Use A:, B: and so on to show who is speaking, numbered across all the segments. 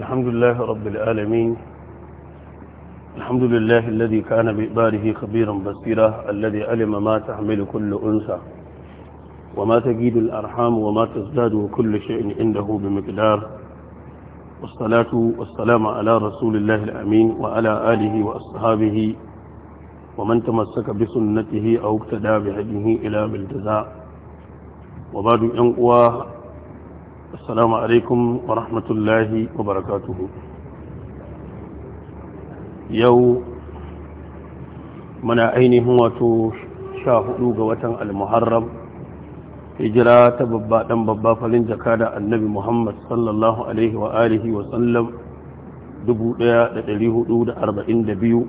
A: الحمد لله رب العالمين الحمد لله الذي كان بإباره خبيرا بصيرا الذي علم ما تحمل كل أنثى وما تجيد الأرحام وما تزداد كل شيء عنده بمقدار والصلاة والسلام على رسول الله الأمين وعلى آله وأصحابه ومن تمسك بسنته أو اقتدى بهديه إلى بالجزاء وبعد أن السلام عليكم ورحمة الله وبركاته يو منا أينه واتو شاهدوغ وطن المحرم هجرة ببا دم ببا فلن جكاد النبي محمد صلى الله عليه وآله وسلم دبو ديا دليه دود أربعين دبيو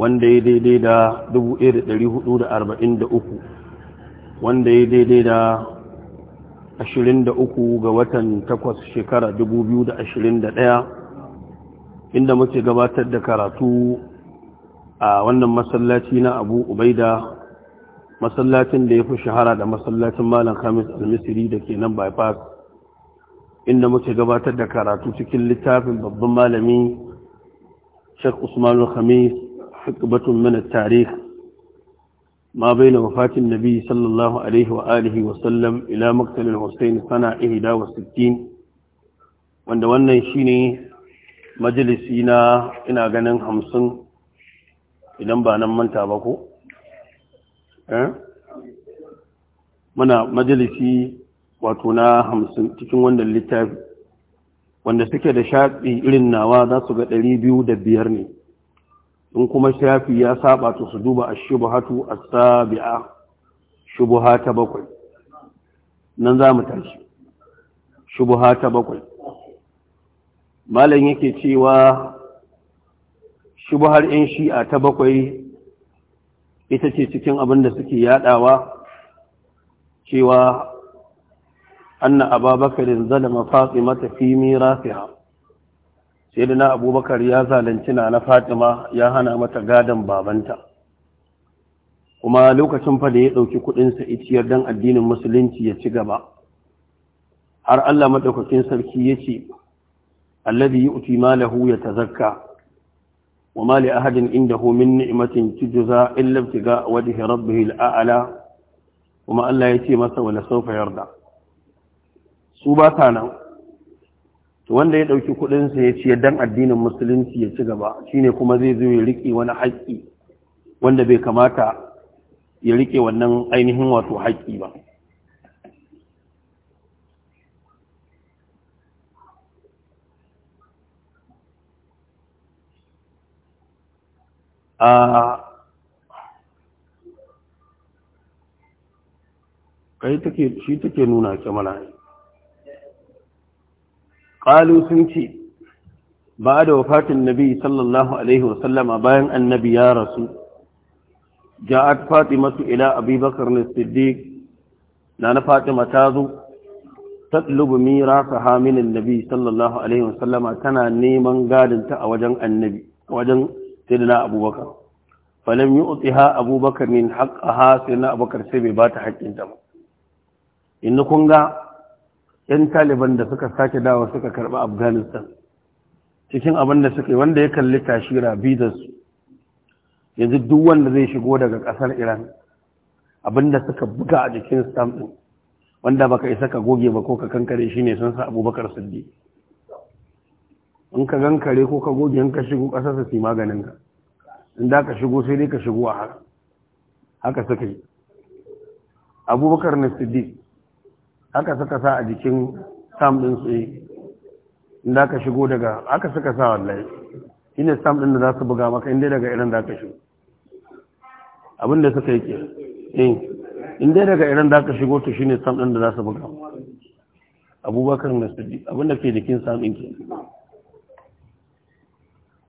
A: wanda ya daidai da 1443 wanda ya daidai da 23 ga watan 8 shekara 2021 inda muke gabatar da karatu a wannan masallaci na abu ubaida masallacin da ya fi shahara da masallacin malam khamis al-misri da ke nan bypass inda muke gabatar da karatu cikin littafin babban malami shek usmanu khamis hikbatun min at-tarikh ما بين وفاة النبي صلى الله عليه وآله وسلم إلى مقتل الحسين سنة إهدا وستين wanda wannan shine majalisi na ina ganin hamsin idan ba nan manta ba ko? muna majalisi wato na hamsin cikin wannan littafi wanda suke da shaɗi irin nawa za su ga ɗari biyu da biyar ne in kuma shafi ya saba to su duba ash a as-sabi'a shubu ta bakwai nan za mu tashi shubu ta bakwai malam yake cewa shubhar yan shi'a ta bakwai ita ce cikin abin da suke yadawa cewa anna ababakarin zalama fatimata fi hau sai da na abubakar ya zalunci na fatima ya hana mata gadon babanta kuma lokacin fa da ya ɗauki kuɗinsa iciyar don addinin musulunci ya ci gaba har allah maɗaukakin sarki ya ce alladhi yu'ti malahu yatazakka wa ma li ahadin indahu min ni'matin tujza illa ibtiga wajhi rabbih al'ala kuma allah ya ce masa wala sawfa yarda su ba ta nan wanda ya ɗauki kuɗinsa ya ciya dan addinin musulunci ya ci gaba shine kuma zai zo ya riƙe wani haƙƙi wanda bai kamata ya riƙe wannan ainihin wato haƙƙi ba kai take shi take nuna kamara ne ƙalu sun ce ba da wafatin nabi sallallahu alaihi wasallama bayan annabi ya rasu ja'at masu ila abubakar na siddiq na na fatima ta zo tatlubu mirasa haminin nabi sallallahu alaihi wasallama tana neman gadinta a wajen annabi wajen sayyidina abubakar falam yu'tiha abubakar min ha sayyidina abubakar sai bai bata ta ba in kun ga 'yan taliban da suka sake dawa suka karɓi afghanistan cikin abin da suka yi wanda ya kalli tashira bidas yanzu duk wanda zai shigo daga ƙasar iran abin da suka buga a jikin stamp ɗin wanda baka isa ka goge ba ko ka kankare shi ne sun sa abubakar siddi in ka gankare ko ka goge in ka shigo ƙasar su maganin ka in da ka shigo sai dai ka shigo a haka haka suka yi abubakar na siddi haka suka sa a jikin sam din su inda ka shigo daga haka suka sa wallahi shine sam din da za su buga maka inda daga irin da ka shigo abinda suka yi ke in eh, inda daga irin da ka shigo to shine sam din da za su buga abubakar na sadi abinda ke jikin sam din ke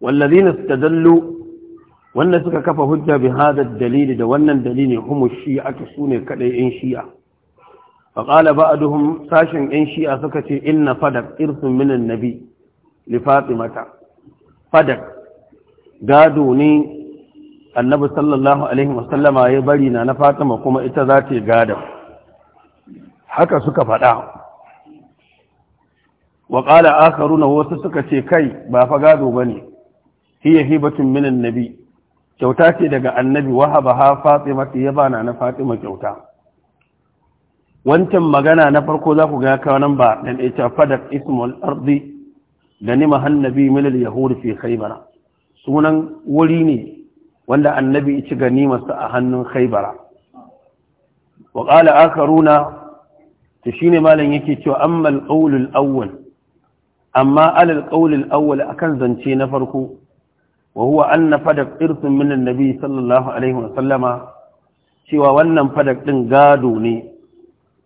A: wallazina istadallu wanda suka kafa hujja bi hada dalili da wannan dalili humu shi'a to sune kadai in shi'a فقال ba ساشن duhun sashen ‘yan shi'a suka ce من fadak irsun minin nabi li fatimata fadak gado ne annabi sallallahu alaihi wasallama ya bari na na fatima kuma ita za ta haka suka faɗa wa ƙala akaruna wasu suka ce kai ba fa gado ba ne hiya hibatun minin nabi kyauta ce daga annabi wahaba ha fatima ya bana na fatima kyauta wancan magana na farko za ku gaya kawo nan ba ɗan ita fadak ismul arzi da ni Hannabi milal Yahudu fi khaybara sunan wuri ne wanda annabi ya ci ganimarsa a hannun khaybara wa qala ta shi ne malam yake cewa amma al-qawl awwal amma ala al-qawl al akan zance na farko wa huwa na fadak irsun min annabi sallallahu alaihi wa sallama cewa wannan fadak ɗin gado ne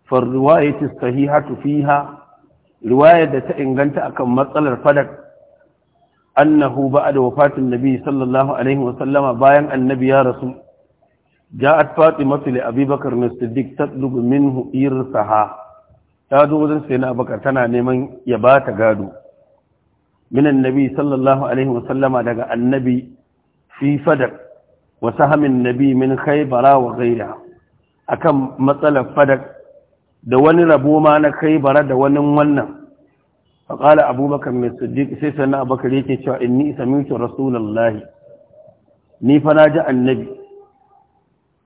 A: فالرواية الصحيحة فيها رواية تأنغنت أكم مطل الفلك أنه بعد وفاة النبي صلى الله عليه وسلم باين النبي يا رسول جاءت فاطمة لأبي بكر الصديق تطلب منه إرثها تادو وزن سينا بكر تنا نيمن يبات غادو من النبي صلى الله عليه وسلم دغ النبي في فدق وسهم النبي من خيبر وغيرها أكم مطل الفدق da wani rabo ma na kai bara da wani wannan faƙala abubakar mai siddiq sai sannan abubakar yake cewa inni samitu rasulullahi ni fa na ji annabi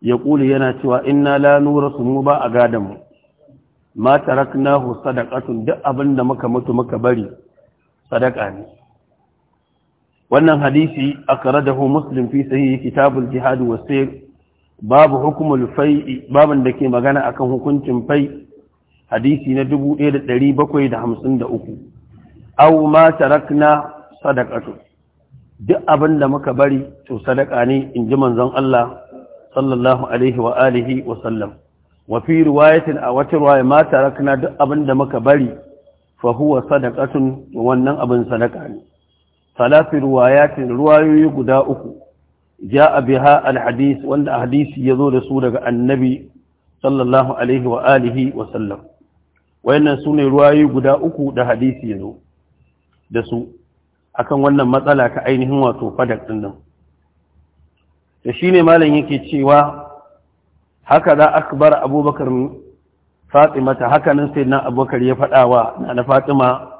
A: ya ƙuli yana cewa in na nura mu ba a gadon mu ma taraknahu sadaqatun duk abin da muka mutu muka bari sadaka ne wannan hadisi akradahu muslim fi sahih kitabul jihad wasu babu hukumul fai babin da ke magana akan hukuncin fai hadisi na 1753 aw ma tarakna sadaqatu duk abin da muka bari to sadaka ne in ji manzon Allah sallallahu alaihi wa alihi wa sallam wa fi riwayatin a wata riwaya ma tarakna duk abin da muka bari fa huwa sadaqatun wannan abin sadaka ne salafi riwayatin riwayoyi guda uku جاء بها الحديث وان الحديث يزول رسول النبي صلى الله عليه واله وسلم وان سنه روايه غدا uku da hadisi yazo da su akan wannan matsala ka ainihin wato fadak din nan da shine malam yake cewa haka da akbar abubakar fatima ta haka nan sai na abubakar ya fadawa na fatima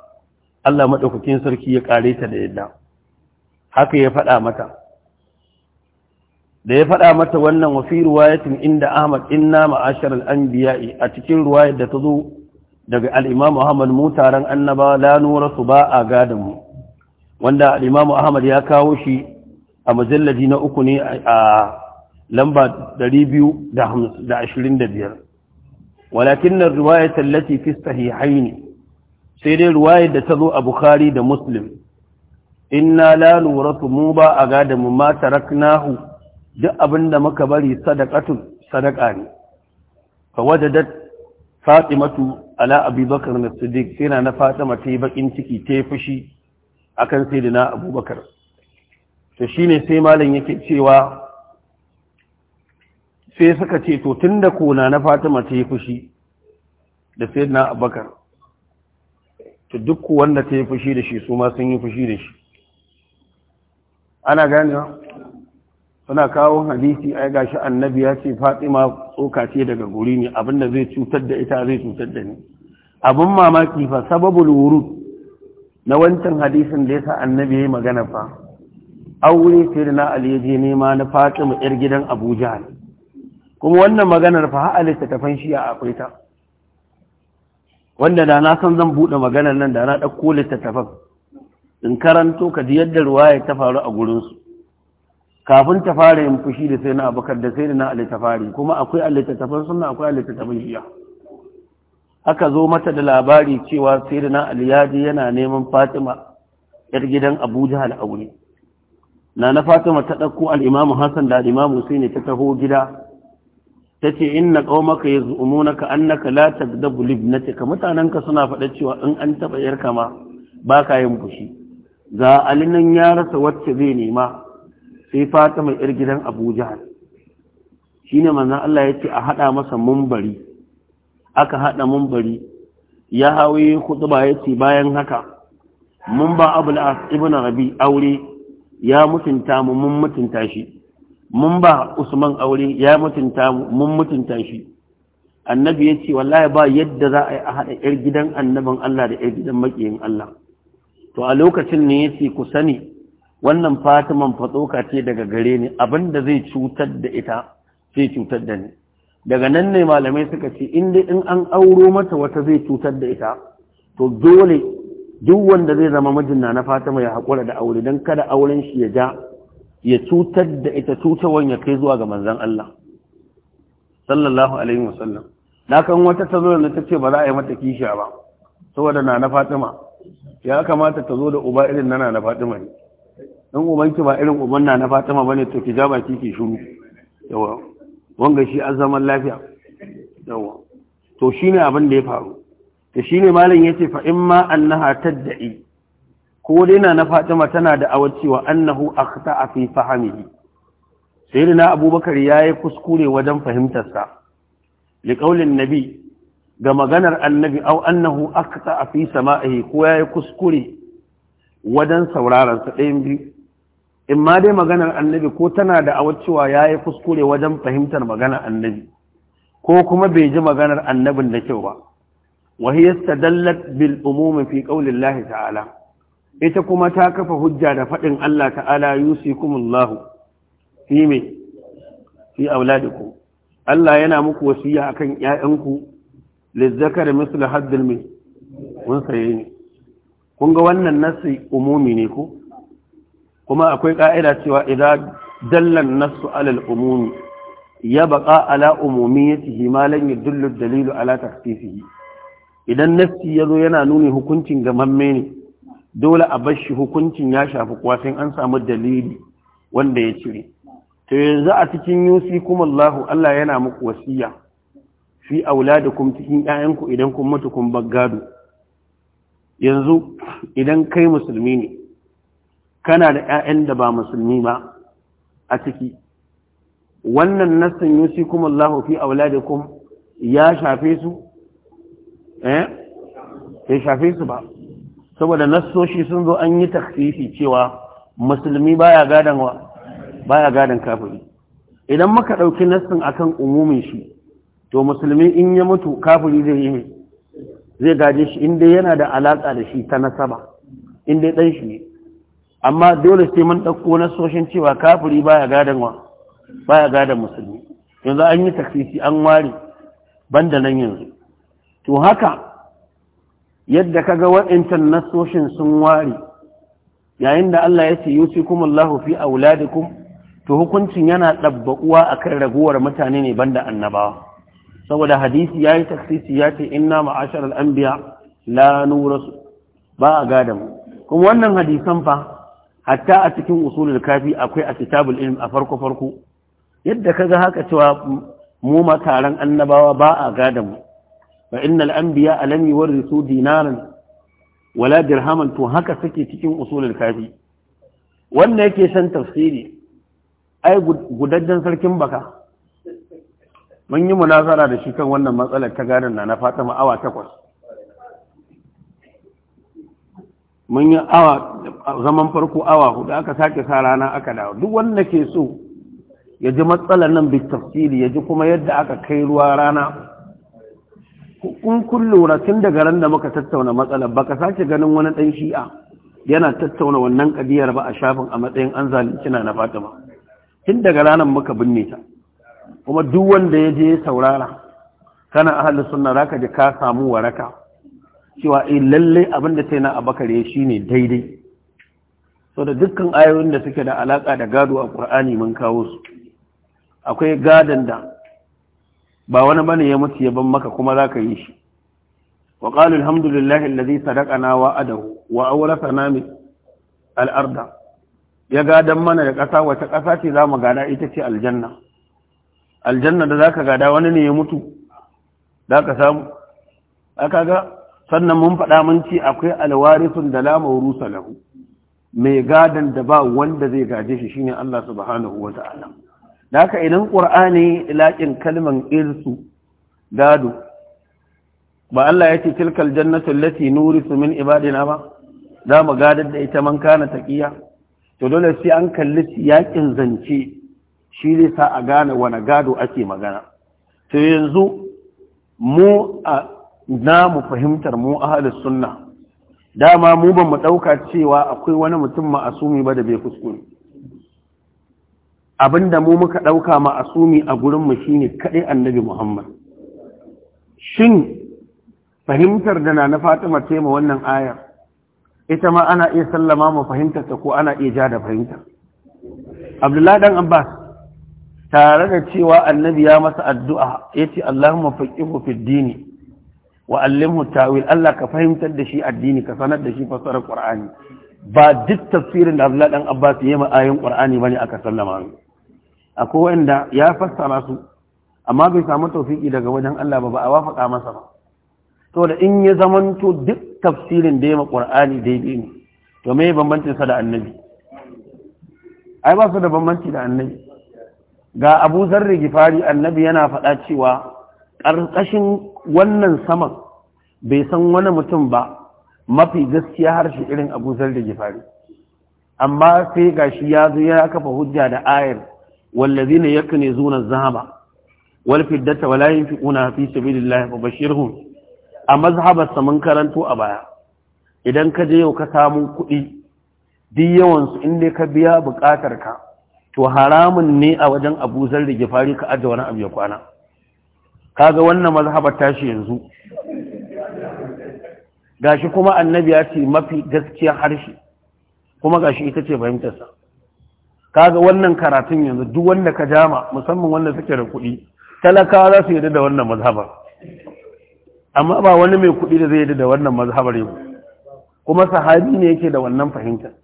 A: Allah madaukakin sarki ya kare ta da yadda haka ya fada mata da ya faɗa mata wannan wa fi riwayatin inda Ahmad inna ma'ashar al-anbiya'i a cikin riwayar da ta zo daga al-Imam Ahmad mu taron annaba la nura su ba a gadan mu wanda al-Imam Ahmad ya kawo shi a mujalladi na uku ne a lamba 225 walakin ar-riwayat allati fi sahihayn sai dai riwayar da ta zo a Bukhari da Muslim inna la nura mu ba a gadan mu ma taraknahu duk abin da muka bari sadakatun, sadaqa ne fa wajadat fatimatu ala abubakar na siddiq sai na fatima ta yi bakin ciki ta yi fushi akan sayyidina abubakar to shine sai malam yake cewa sai suka ce to tunda kona na fatima ta yi fushi da sayyidina abubakar to duk wanda ta yi fushi da shi su ma sun yi fushi da shi ana ganewa suna kawo hadisi ai gashi annabi ya ce fatima tsoka ce daga guri ne abinda zai cutar da ita zai cutar da ni abin mamaki fa sababul wurud na wancan hadisin da yasa annabi ya yi magana fa aure sai da na ali nema na fatima yar gidan abuja ne kuma wannan maganar fa har littattafan shi akwai ta wanda da na san zan buɗe maganar nan da na ɗauko littattafan in karanto ka ji yadda ruwa ya ta faru a gurinsu kafin ta fara yin fushi da sai na abakar da sai na ali fari kuma akwai alittattafan suna akwai alittattafan shiya aka zo mata da labari cewa sai da na aliyaji yana neman fatima yar gidan abuja aure na na fatima ta ɗauko al'imamu hassan da al'imamu sai ne ta taho gida ta ce in inna ƙaumaka ya da bulib na ce ka mutanenka suna faɗa cewa in an taɓa yarka ma ba ka yin fushi ga alinan ya rasa wacce zai nema sai fata mai yar gidan abu shi shine manzan Allah ya ce a haɗa masa mumbari aka haɗa mumbari ya kudu ba ya ce bayan haka mun ba abu al'as ibina rabi aure ya mutunta mu mun mutunta shi mun ba usman aure ya mutunta mu mun mutunta shi annabi ya ce wallahi ba yadda za a yi a haɗa ‘yar gidan annaban Allah da ‘yar gidan maƙiyin Allah to a lokacin ne ya ce ku sani wannan fatiman fatsoka ce daga gare ni abin da zai cutar da ita zai cutar da ni daga nan ne malamai suka ce in dai in an auro mata wata zai cutar da ita to dole duk wanda zai zama mijinna na fatima ya haƙura da aure don kada auren shi ya ja ya cutar da ita cutawan ya kai zuwa ga manzon Allah sallallahu alaihi wasallam na kan wata ta zo da ta ce ba za a yi mata kisha ba saboda na na fatima ya kamata ta zo da uba irin na na fatima ne don ubanki ba irin uban na na fatima bane to ki jaba ki, ki shiru yawa wanga shi azaman lafiya yawa to shine abin da ya faru to shine malam yace fa in ma annaha tadda'i ko dai na na fatima tana da awacewa annahu akhta'a fi fahmihi sayyidina abubakar yayi kuskure wajen fahimtar sa li qaulin nabi ga maganar annabi aw annahu akhta'a fi sama'ihi ko yayi kuskure wajen sauraron sa ɗayan biyu in ma dai maganar annabi ko tana da awar cewa ya yi kuskure wajen fahimtar maganar annabi ko kuma bai ji maganar annabin da kyau ba hiya dallat bil umumi fi ƙaunin ta'ala ita kuma ta kafa hujja da faɗin Allah ta'ala yusikumullahu fi me fi auladikum Allah yana muku wasiya akan ƴaƴanku lizzakar mislu haddil min kun saye kun ga wannan nasi umumi ne ko kuma akwai ƙa'ida cewa idan dallan nasu alal umumi ya baƙa ala ci himalan ya yadullu dalilu ala takhsisihi idan ya zo yana nuni hukuncin mamme ne dole a bar shi hukuncin ya shafi kuwa an samu dalili wanda ya cire to yanzu a cikin yusi kuma Allah Allah yana muku wasiya fi auladakum cikin ƴaƴanku idan kun mutu kun bar gado yanzu idan kai musulmi ne kana da ƴaƴan da ba musulmi ba a ciki wannan nassan kuma Allahu fi auladikum ya shafe su eh ya shafe su ba saboda nassoshi sun zo an yi takhsisi cewa musulmi baya gadan wa baya gadan kafiri idan muka dauki nassin akan umumin shi to musulmi in ya mutu kafiri zai yi zai gaje shi inda yana da alaka da shi ta nasaba inda dan shi ne amma dole sai mun ɗauko na soshin cewa kafiri baya gadon wa baya gadan musulmi yanzu an yi taksisi an ware banda nan yanzu to haka yadda kaga na nasoshin sun ware yayin da Allah ya ce kuma Allahu fi auladikum to hukuncin yana dabbakuwa akan raguwar mutane ne banda annabawa saboda hadisi yayi taksisi ya ce inna ma'ashar al-anbiya la nurasu ba a gada mu kuma wannan hadisan fa hatta a cikin usulul kafi akwai a kitabul ilm a farko farko yadda kaga haka cewa mu makaran annabawa ba a gada mu fa innal anbiya alam yuwarrisu dinaran wala dirhaman to haka suke cikin usulul kafi wannan yake san tafsiri ai gudaddan sarkin baka mun yi munazara da shi kan wannan matsalar ta gadon na na fatima awa takwas mun yi awa zaman farko awa hudu aka sake sa rana aka dawo duk wanda ke so ya ji matsalar nan bit tafsiri ya ji kuma yadda aka kai ruwa rana kun kun lura tun daga ran da muka tattauna matsalar baka sake ganin wani dan shi'a yana tattauna wannan kadiyar ba a shafin a matsayin an zalunci na na Fatima tun daga ranar muka binne ta kuma duk wanda ya je saurara kana ahalin sunna zaka ji ka samu waraka cewa lallai eh, lallai abin da sai na abakar ya ne daidai so da dukkan ayoyin da suke da alaka da gado a ƙur'ani mun kawo su akwai gadon da ba wani bane ya mutu ya ban maka kuma za ka yi shi wa qalu alhamdulillahi alladhi sadaka na wa wa aure sanami al'arda ya gadon mana da ƙasa wata ƙasa ce za mu gada ita ce aljanna aljanna da za ka gada wani ne ya mutu za ka samu aka ga sannan mun faɗa mun ce akwai alwarisun da la mawrusa lahu mai gadon da ba wanda zai gaje shi shine Allah subhanahu Ta'ala. da haka idan qur'ani laƙin kalman irsu gado ba Allah ya ce tilkal jannatu allati nurisu min ibadina ba za mu gadar da ita man kana taqiya to dole sai an kalli yaƙin zance shi ne sa a gane wani gado ake magana to yanzu mu a Na mu fahimtar mu halin sunna dama mu ban mu ɗauka cewa akwai wani mutum ma'asumi ba da bai kuskure abinda mu muka ɗauka ma'asumi a gurinmu shine kaɗai annabi muhammad shin fahimtar da na na fatima ce ma wannan ayar ita ma ana iya sallama mu fahimtar ta ko ana iya ja da fahimta abdullahi dan abbas tare da cewa annabi ya masa addu'a yace allahumma faqihu fid dini wa allimhu tawil Allah ka fahimtar da shi addini ka sanar da shi fasarar qur'ani ba duk tafsirin da Abdullahi dan Abbas yayi ma ayoyin qur'ani bane aka sallama mu akwai wanda ya fassara su amma bai samu tawfiki daga wajen Allah ba ba a wafaka masa ba to da in ya to duk tafsirin da ya ma qur'ani daidai ne to me bambancin sa da annabi ai ba su da bambanci da annabi ga Abu Zarri Gifari annabi yana faɗa cewa ƙarƙashin wannan saman bai san wani mutum ba mafi gaskiya harshe irin abu da gifari amma sai gashi ya zo ya kafa hujja da ayar wallazina zuna zahaba wal fiddata wala yunfiquna fi sabilillahi fabashirhum a mazhabar sa mun karanto a baya idan ka je yau ka samu kuɗi duk yawan su inda ka biya buƙatar ka to haramun ne a wajen Abu da Gifari ka ajiye wani abu ya kwana kaga wannan mazhabar tashi yanzu gashi kuma annabi ya ce mafi gaskiyar harshe kuma gashi ita ce fahimtarsa kaga wannan karatun yanzu duk wanda ka jama musamman wanda suke da kuɗi talakawa za su yarda da wannan mazhabar amma ba wani mai kuɗi da zai yarda da wannan mazhabar yau kuma sahabi ne yake da wannan fahimtar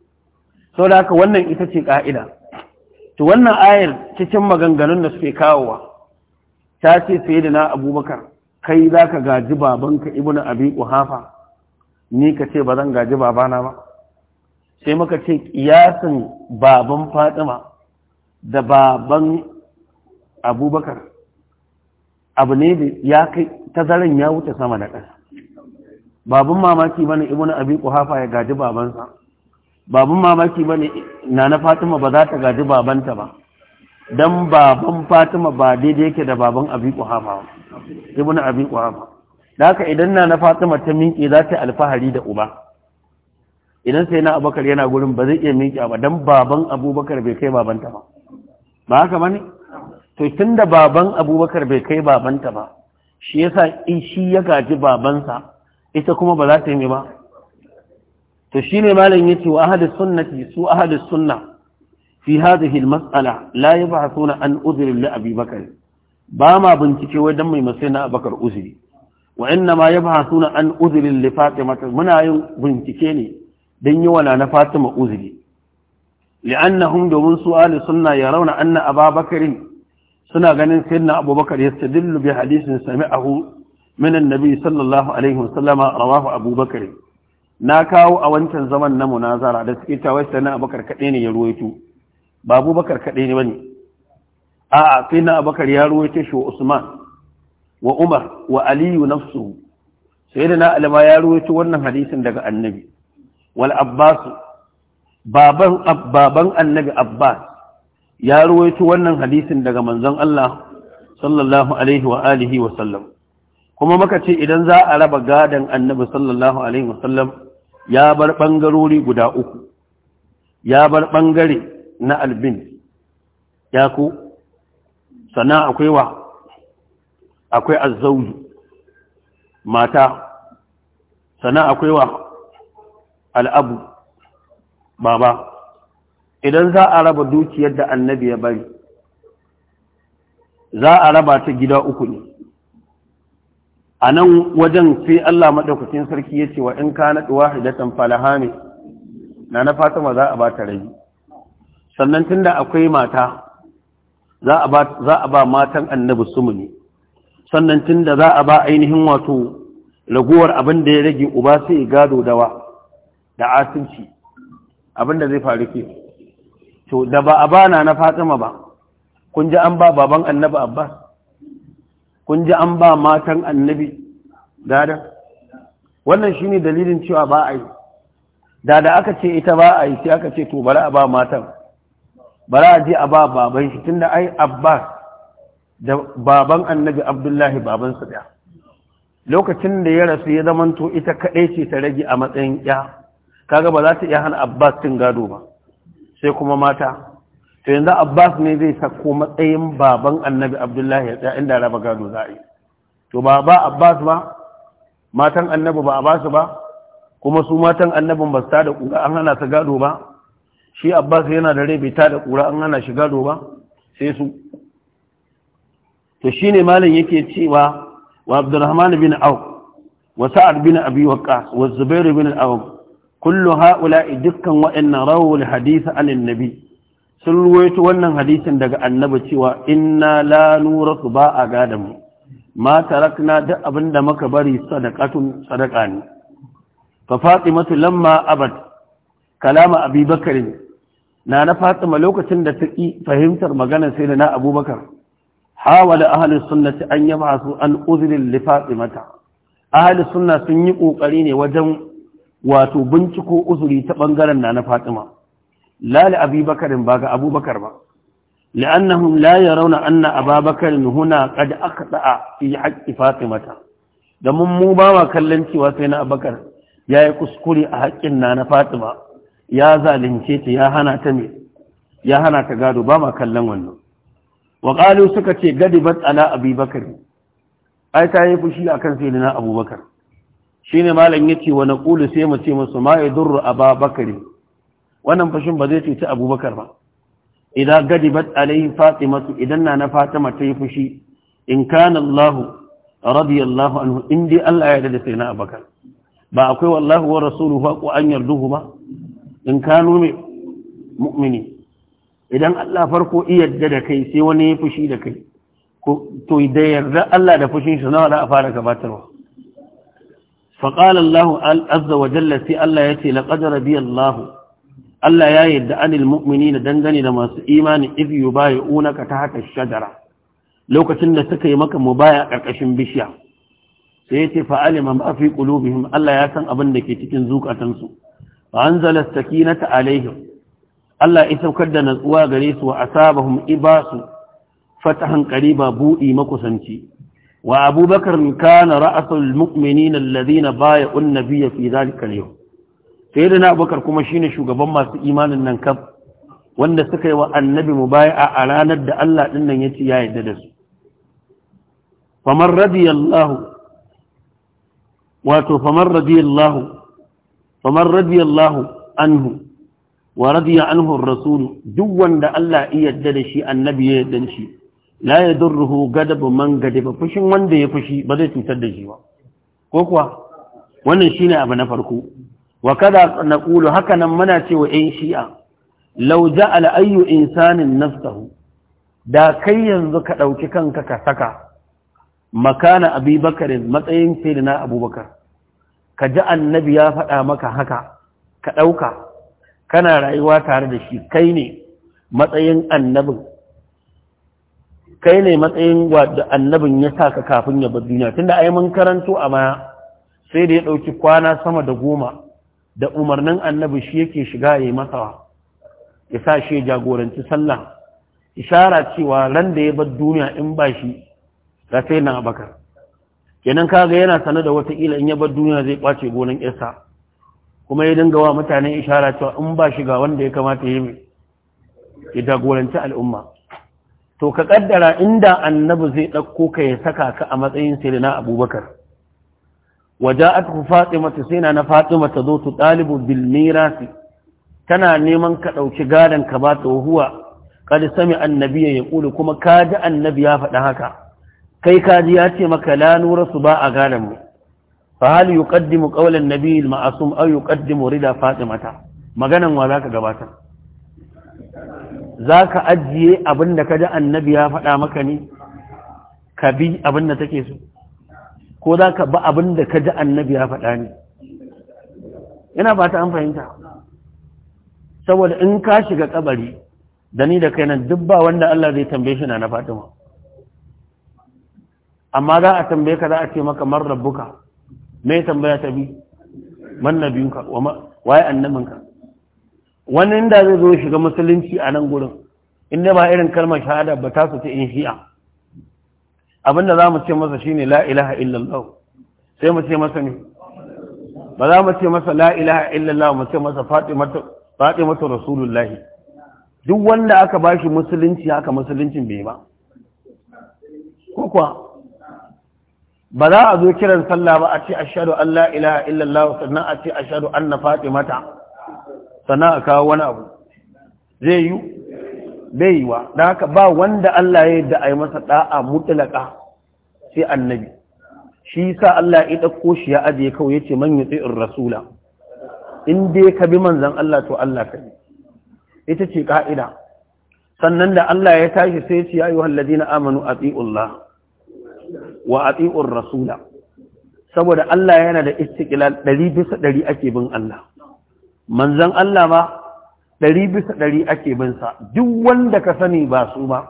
A: saboda haka wannan ita ce ka'ida to wannan ayar cikin maganganun da suke kawowa ta ce sai da na abubakar kai za ka gaji babanka ibn abi kuhafa ni ka ce ba zan gaji babana ba sai muka ce kiyasin baban fatima da baban abubakar abu ne da ya kai tazaran ya wuce sama da ƙasa babun mamaki bane ibn abi kuhafa ya gaji babansa babun mamaki bane na fatima ba za ta gaji babanta ba dan baban Fatima ba daidai yake da baban Abi Quhafa ibn Abi Quhafa da haka idan na na Fatima ta miƙe za ta alfahari da uba idan sai na Abubakar yana gurin ba zai iya miƙe ba dan baban Abubakar bai kai babanta ba ba haka bane to tunda baban Abubakar bai kai babanta ba shi yasa shi ya gaji babansa ita kuma ba za ta yi ba to shine malam yace wa ahlus sunnati su ahlus sunna. fi da al-mas'ala la yab'athuna an udhri li abi ba ma bincike wai dan mai masai na abakar uzuri wa inna ma yab'athuna an udhri li fatima muna yin bincike ne dan yi wala na fatima uzuri li'annahum domin su ahli sunna yarawna anna ababakarin suna ganin sayyidina abubakar yastadillu bi hadisin sami'ahu min annabi sallallahu alaihi rawahu abubakar na kawo a wancan zaman na munazara da suke cewa na abubakar kaɗai ne ya ruwaito ba abubakar kaɗai ne bane a'a sai na abubakar ya ce shi wa usman wa umar wa aliyu nafsu sai da na alama ya ce wannan hadisin daga annabi wal abbas baban baban annabi abbas ya ce wannan hadisin daga manzon Allah sallallahu alaihi wa alihi wa sallam kuma maka ce idan za a raba gadon annabi sallallahu alaihi sallam ya bar ɓangarori guda uku ya bar ɓangare na albin ya ku sannan akwai wa akwai azzauji mata sannan akwai wa al'abu baba idan za a raba dukiyar da annabi ya bari za a raba ta gida uku ne a nan wajen sai Allah maɗaukacin sarki ya ce wa in ka naɗi wahidatan falahami na na fatima za a ba ta rai? sannan tunda akwai mata za a ba matan annabi sumuni sannan tunda za a ba ainihin wato raguwar abin da ya rage uba sai gado dawa da asinci abin da zai faru ke to da ba a bana na fatima ba kun ji an ba baban annabi abbas kun ji an ba matan annabi dada wannan shine dalilin cewa ba a yi da da aka ce ita ba a yi sai aka ce to bari a ba matan bara a je a ba baban shi tunda ai abbas da baban annabi abdullahi baban su ɗaya lokacin da ya rasu ya zamanto ita kaɗai ce ta rage a matsayin ya kaga ba za ta iya hana abbas cin gado ba sai kuma mata to yanzu abbas ne zai sako matsayin baban annabi abdullahi ya tsaya inda raba gado za yi to ba ba abbas ba matan annabi ba a ba su ba kuma su matan annabin ba su da kuka an hana su gado ba shi abbas yana da rai bai ta da ƙura an hana shi gado ba sai su to shi ne malin yake cewa wa abdurrahman bin awk wa sa'ad bin abi waqqas wa zubair bin auf kullu ha'ula'i dukkan inna rawu hadisi an nabi sun ruwaito wannan hadisin daga annabi cewa inna la nurasu ba a gada mu ma tarakna duk abinda muka bari sadaqatun sadaqani ne fa fatimatu lamma abad kalama abubakar na na fatima lokacin da ta fahimtar maganar sai da na abubakar hawala suna sunnati an yi masu an uzurin li mata. Ahalin suna sun yi ƙoƙari ne wajen wato binciko uzuri ta bangaren na na fatima la abubakarin ba ga abubakar ba لأنهم لا يرون أن أبا بكر هنا قد أخطأ في حق فاطمة da mun mu ba wa kallon cewa sai na bakar, ya yi kuskure a haƙƙin na na fatima ya zalunce ta ya hana ta ne, ya hana ta gado ba ma kallon wannan wa suka ce gadibat ala abubakar ai ta yi fushi akan sayyidina abubakar shine malam yace wa naqulu sai mu ce musu ma yadurru ababakar wannan fashin ba zai cuci abubakar ba idan gadibat alaihi fatimatu idan na na fatima ta yi fushi in kana allah radiyallahu anhu in allah ya yarda da na abubakar ba akwai wallahu wa rasuluhu wa an yarduhu ba in kanu mai mu'mini idan Allah farko iyadda da kai sai wani ya fushi da kai to da yarda Allah da fushin shi nawa za a fara gabatarwa faqala Allah azza jalla sai Allah yace laqad radiya Allah Allah ya yarda anil na dangane da masu imani if yubayunaka ta ash-shajara lokacin da suka yi maka baya karkashin bishiya sai yace fa alima ma fi qulubihim Allah ya san abin da ke cikin zukatansu anzala sakinata alaihim Allah ya saukar da natsuwa gare su wa asabahum ibasu fatahan qariba bu'i makusanci wa abubakar kana ra'asul mu'minina alladhina bay'u an-nabiyya fi dhalika al-yawm sayyidina abubakar kuma shine shugaban masu imanin nan kaf wanda suka yi wa annabi baya a ranar da Allah din nan yace ya yarda da su faman radiyallahu wato faman radiyallahu faman radiyallahu anhu wa radiya anhu duk wanda Allah iya yarda da shi annabi ya yarda shi la yadurruhu gadabu man ba. fushin wanda ya fushi ba zai cutar da shi ba ko kuwa wannan shine abu na farko wa kada naqulu haka nan muna cewa ɗan shi'a law ja'ala ayyu insanin nafsahu da kai yanzu ka ɗauki kanka ka saka makana abubakar matsayin sai na abubakar ka ji annabi ya faɗa maka haka ka ɗauka kana rayuwa tare da shi kai ne matsayin annabin kai ne matsayin wadda annabin ya sa ka kafin ya bar duniya tunda ai mun karanto a baya sai da ya ɗauki kwana sama da goma da umarnin annabi shi yake shiga ya yi masawa ya sa shi ya jagoranci sallah ishara cewa ran da ya bar duniya in ba shi ga na abakar kenan kaga yana sanar da wataƙila in ya bar duniya zai kwace gonan yarsa kuma ya dinga wa mutane ishara cewa in ba shiga wanda ya kamata yi ya jagoranci al'umma to ka kaddara inda annabi zai ɗauko ka ya saka ka a matsayin sirina abubakar waja'at fatima sai na fatima ta zo tu ɗalibu bil tana neman ka ɗauki gadon ka ba ta huwa kada sami annabi ya kulu kuma ka ji annabi ya faɗa haka kai kaji ya ce maka la nura su ba a gane mu fa hal yuqaddimu qawlan nabiy al-ma'sum aw yuqaddimu rida fatimata maganan wa zaka gabatar zaka ajiye abinda ka kaji annabi ya faɗa maka ne ka bi abinda take so ko zaka ba abinda ka kaji annabi ya faɗa ne ina ba ta an fahimta saboda in ka shiga kabari da ni da kai nan duk ba wanda Allah zai tambaye shi na na Fatima amma za a tambaye ka za a ce maka mar rabbuka me tambaya ta bi man nabiyuka wa ma waye annabinka wani da zai zo shiga musulunci a nan gurin inda ba irin kalmar shahada ba ta su ta in shi'a abinda za mu ce masa shine la ilaha illallah sai mu ce masa ne ba za mu ce masa la ilaha illallah mu ce masa fatimatu fatimatu rasulullahi duk wanda aka bashi musulunci haka musuluncin bai ba ko kuwa ba za a zo kiran sallah ba a ce ashhadu Allah la ilaha illallah sannan a ce ashhadu anna mata, sannan a kawo wani abu zai yi bai yi wa da haka ba wanda Allah ya yarda a yi masa da'a mutlaka sai annabi shi sa Allah ya dauko shi ya ajiye kawai yace man yuti'ir rasula in dai ka bi manzan Allah to Allah ka bi ita ce ka'ida sannan da Allah ya tashi sai ya ce ya ayyuhal ladina amanu ati'ullah wa ati'ur rasula saboda Allah yana da istiqlal ɗari bisa 100 ake bin Allah manzon Allah ma ɗari bisa 100 ake bin sa duk wanda ka sani ba su ba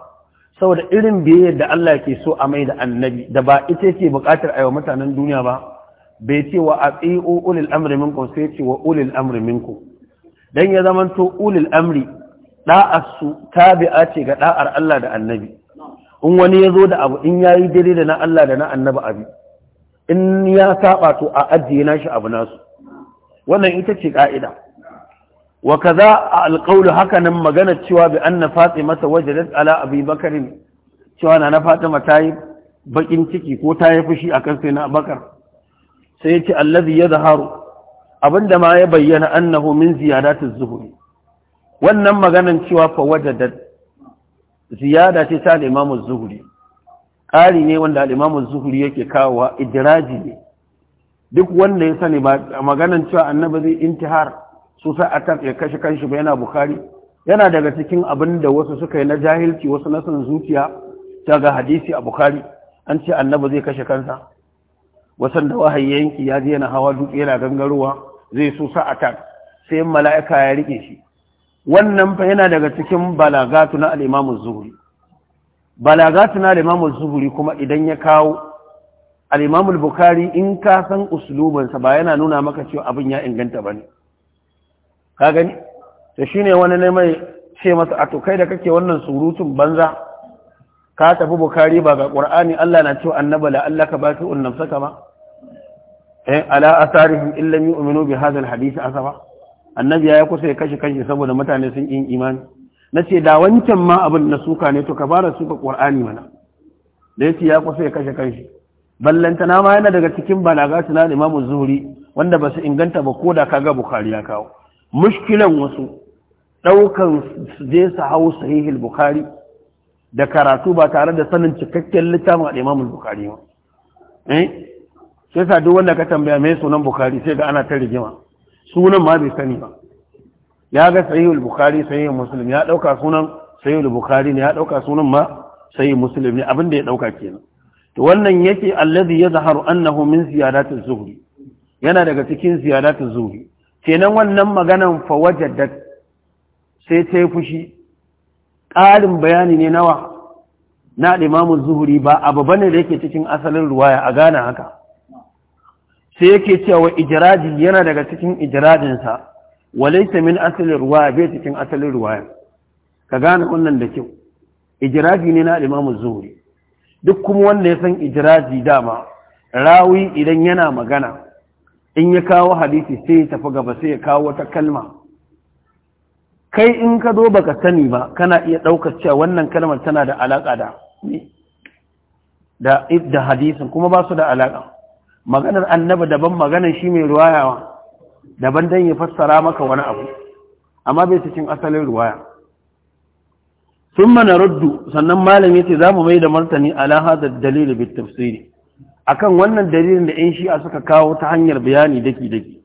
A: saboda irin biyayyar da Allah ke so a mai da annabi da ba ita yake buƙatar yau mutanen duniya ba bai ce wa ati'u ulil amri minkum sai ce wa ulil amri minkum dan ya zamanto ulil amri da'ar su tabi'a ce ga da'ar Allah da annabi in wani ya zo da abu in ya yi daidai da na Allah da na annaba abi in ya saba to a ajiye nashi abu nasu wannan ita ce ka'ida wa kaza a alƙawlu haka nan magana cewa bi anna waje da ala abi bakarin cewa na na fatima ta yi bakin ciki ko ta yi fushi akan sai na bakar sai ya ce allazi Zaharu. abinda ma ya bayyana annahu min ziyadatiz zuhuri wannan maganan cewa fa wajadat ziyada ce ta al zuhuri ƙari ne wanda al zuhuri yake kawowa idiraji ne duk wanda ya sani ba maganan cewa annabi zai intihar su sa a tafiya kashe kanshi ba yana bukari yana daga cikin abin da wasu suka yi na jahilci wasu na son zuciya ta ga hadisi a bukari an ce annabi zai kashe kansa wasan da wahayi yanki ya je yana hawa dutse yana gangarowa zai so sa attack sai mala'ika ya riƙe shi wannan fa yana daga cikin balagatu na al'imamu zuhuri balagatu na al'imamu zuhuri kuma idan ya kawo al'imamu bukari in ka san usulubansa ba yana nuna maka cewa abin ya inganta ba ne ka gani da shi ne wani ne mai ce masa a kai da kake wannan surutun banza ka tafi bukari ba ga ƙwar'ani allah na cewa annaba la allah ka ba ki unnamsaka ma ala asarihim illam yu'minu bi hadha alhadith asaba annabi ya kusa ya kashe kanshi saboda mutane sun yi imani na ce da wancan ma abin na suka ne to ka fara suka ƙwar'ani mana da ya kusa ya kashe kanshi na ma yana daga cikin balagatu na imamu zuhuri wanda ba su inganta ba ko da ka ga bukari ya kawo mushkilan wasu ɗaukan je su hau sahihil bukari da karatu ba tare da sanin cikakken littafin al'imamun bukari ba eh sai sa duk wanda ka tambaya mai sunan bukari sai ga ana ta rigima sunan ma bai sani ba ya ga sahihul bukhari sahihul muslim ya dauka sunan sahihul bukhari ne ya dauka sunan ma sahihul muslim ne abin da ya dauka kenan to wannan yake allazi zaharu annahu min ziyadatiz zuhri yana daga cikin ziyadatiz zuhri kenan wannan maganan fa wajadda sai ta yi fushi ƙarin bayani ne nawa na imamu zuhuri ba abu bane da yake cikin asalin ruwaya a gane haka sai yake cewa ijiraji yana daga cikin ijirajinsa walaita min asalin ruwa bai cikin asalin ruwa ka gane wannan da kyau ijiraji ne na imamu zuri. duk kuma wanda ya san ijiraji dama rawi idan yana magana in ya kawo hadisi sai ya tafi gaba sai ya kawo wata kalma kai in ka zo baka sani ba kana iya ɗaukar cewa wannan kalmar tana da alaƙa da da hadisin kuma ba su da alaƙa maganar annabi daban maganar shi mai ruwaya daban don ya fassara maka wani abu amma bai cikin asalin ruwaya sun mana ruddu sannan malami ce za mu mai da martani alaha da dalili bi tafsiri akan wannan dalilin da yan shi'a suka kawo ta hanyar bayani daki daki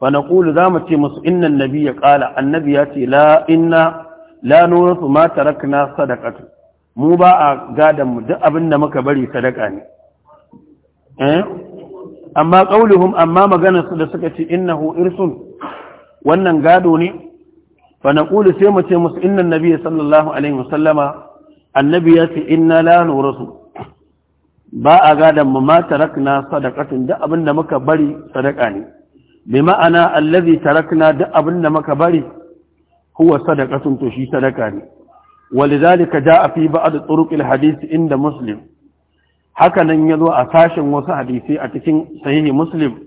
A: fa naqulu za mu ce masu innan nabi ya qala annabi ya ce la inna la su ma tarakna sadaqatu mu ba a gadan mu duk abin da muka bari sadaka ne eh? amma qauluhum amma maganarsu da suka ce innahu irsun wannan gado ne fa naqulu sai mu ce musu innan nabiy sallallahu alaihi wasallama annabi ya ce inna la su. ba a gadon mu ma tarakna sadaqatin da abinda muka bari sadaka ne bi ma'ana allazi tarakna da abinda muka bari huwa sadakatun to shi sadaka ne ولذلك جاء في بعض طرق الحديث عند مسلم haka nan ya zo a sashen wasu hadisi a cikin sahihi muslim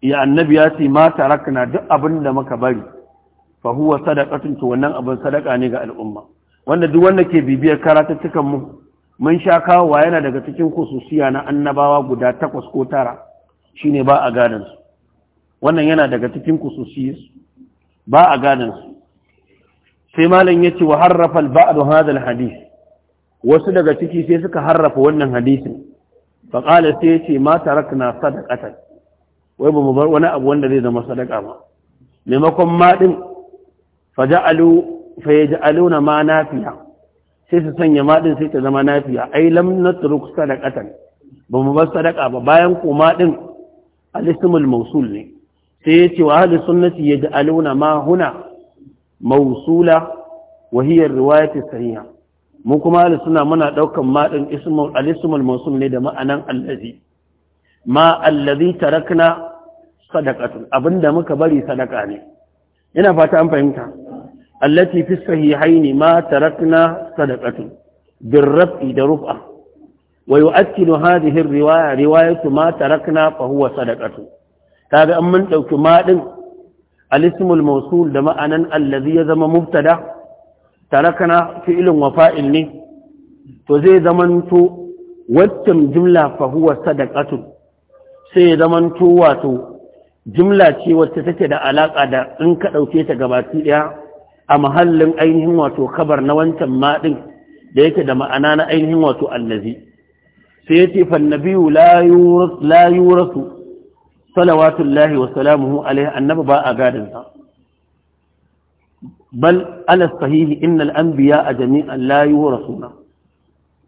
A: ya annabi ya ce ma na duk abin da muka bari fa huwa sadaqatun to wannan abin sadaka ne ga al'umma wanda duk wanda ke bibiyar karatuttukan mu mun sha kawowa yana daga cikin kususiya na annabawa guda takwas ko tara shine ba a gadan su wannan yana daga cikin kususiyar ba a gadan su sai malam yace wa harrafa al-ba'd hadha al-hadith wasu daga ciki sai suka harrafa wannan hadisin faƙala sai ya ce na tarakna sadaqatan wai ba mu bar wani abu wanda zai zama sadaka ba maimakon ma din faja'alu na ma nafiya sai su sanya maɗin sai ta zama nafiya ai lam natruk sadaqatan ba mu bar sadaka ba bayan ko maɗin? Alisimul Mausul ne sai ya ce wa ahli sunnati na ma huna Mausula, wa hiya ar sahiha mu kuma ahli muna ɗaukan maɗin din ismul ne da ma'anan allazi ma allazi tarakna sadakatun. abinda muka bari sadaka ne ina fata an fahimta allati fi sahihaini ma tarakna sadaqatun birrafi da rufa wa yu'akkidu hadhihi ar-riwaya riwayatu ma tarakna fa huwa sadaqatun kaga an mun ɗauki maɗin din al da ma'anan allazi ya zama mubtada' tarakana fi'ilin wa fa'il ne to zai zamanto waccan jimla fa huwa sai ya zamanto wato Jimla ce wacce take da alaƙa da in ka ɗauke ta gabaki ɗaya? a mahallin ainihin wato kabar na wancan maɗin, da yake da ma'ana na ainihin wato allazi sai ya ce fannabiyu la yurasu la salawatullahi salamuhu alaihi annabi ba a gadinsa. bal ala sahihi innal biya a jami'an la yurasuna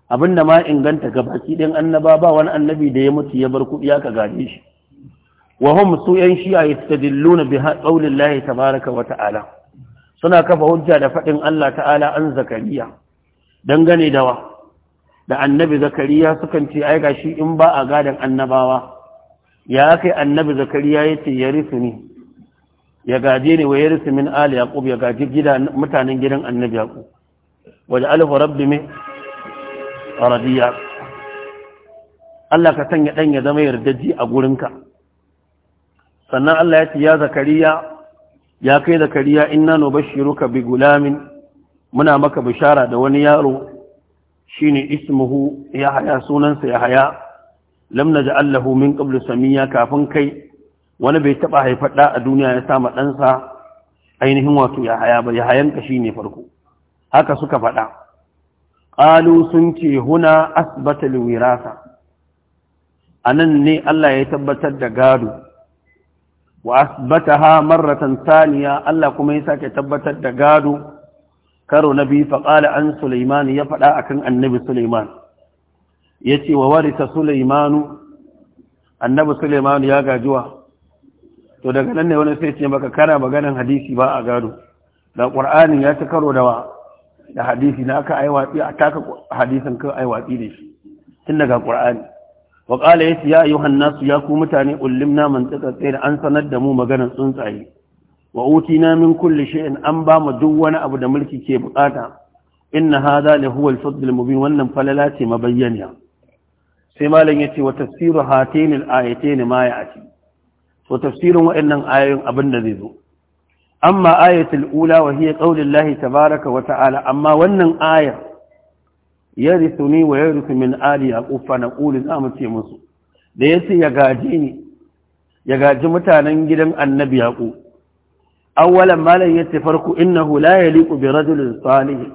A: abinda ma inganta gabaki ɗin annaba ba wani annabi da ya mutu ya bar kuɗi aka gaje shi wa hum su yan shi'a yastadilluna bi qaulillahi tabaaraka wa ta'ala suna kafa hujja da faɗin Allah ta'ala an zakariya dangane da wa da annabi zakariya sukan ce ai gashi in ba a gadan annabawa ya kai annabi zakariya yace ya risu ni ya gaje ne wa yarisu min ali yaqub ya gaji gidan mutanen gidan annabi yaqub waje alfa rabbi me, radiya Allah ka sanya dan ya zama yardaji a gurinka sannan Allah ya ce ya zakariya ya kai zakariya inna nubashshiruka bi gulamin muna maka bishara da wani yaro shine ismuhu ya haya sunansa haya lam naj'al lahu min qabl samiya kafin kai wani bai taɓa haifar ɗa a duniya ya sa ɗansa ainihin wato ya haya ba ya hayan kashi ne farko haka suka faɗa ƙalu sun ce huna asbatal wirasa a nan ne Allah ya tabbatar da gado wa asbataha marratan saniya Allah kuma ya sake tabbatar da gado karo na biyu faƙala an Sulaiman ya faɗa akan annabi Sulaiman ya ce wa warisa Sulaimanu annabi Sulaiman ya gajiwa to daga nan ne wani sai ce maka kana maganan hadisi ba a gado da qur'ani ya ta karo da da hadisi na aka aiwatsi a taka hadisin ka aiwatsi da ne tun daga qur'ani wa qala yasi ya ayyuhan nas ya ku mutane ullimna man sai da an sanar da mu maganan tsuntsaye wa utina min kulli shay'in an ba mu duk wani abu da mulki ke bukata inna hadha la huwa al-fadl al-mubin wannan falala ce mabayyana sai malam yace wa tafsiru hatain al-ayatain ma ya'ti to tafsirin waɗannan ayoyin abin da zai zo amma ayatul ula wa hiya qaulullahi tabaaraka wa ta'ala amma wannan aya yarithuni wa yarithu min ali yaqub fa naqulu za mu ce musu da yace ya gaji ni ya gaji mutanen gidan annabi yaqub awwalan malan yace farko innahu la yaliqu bi rajulin salih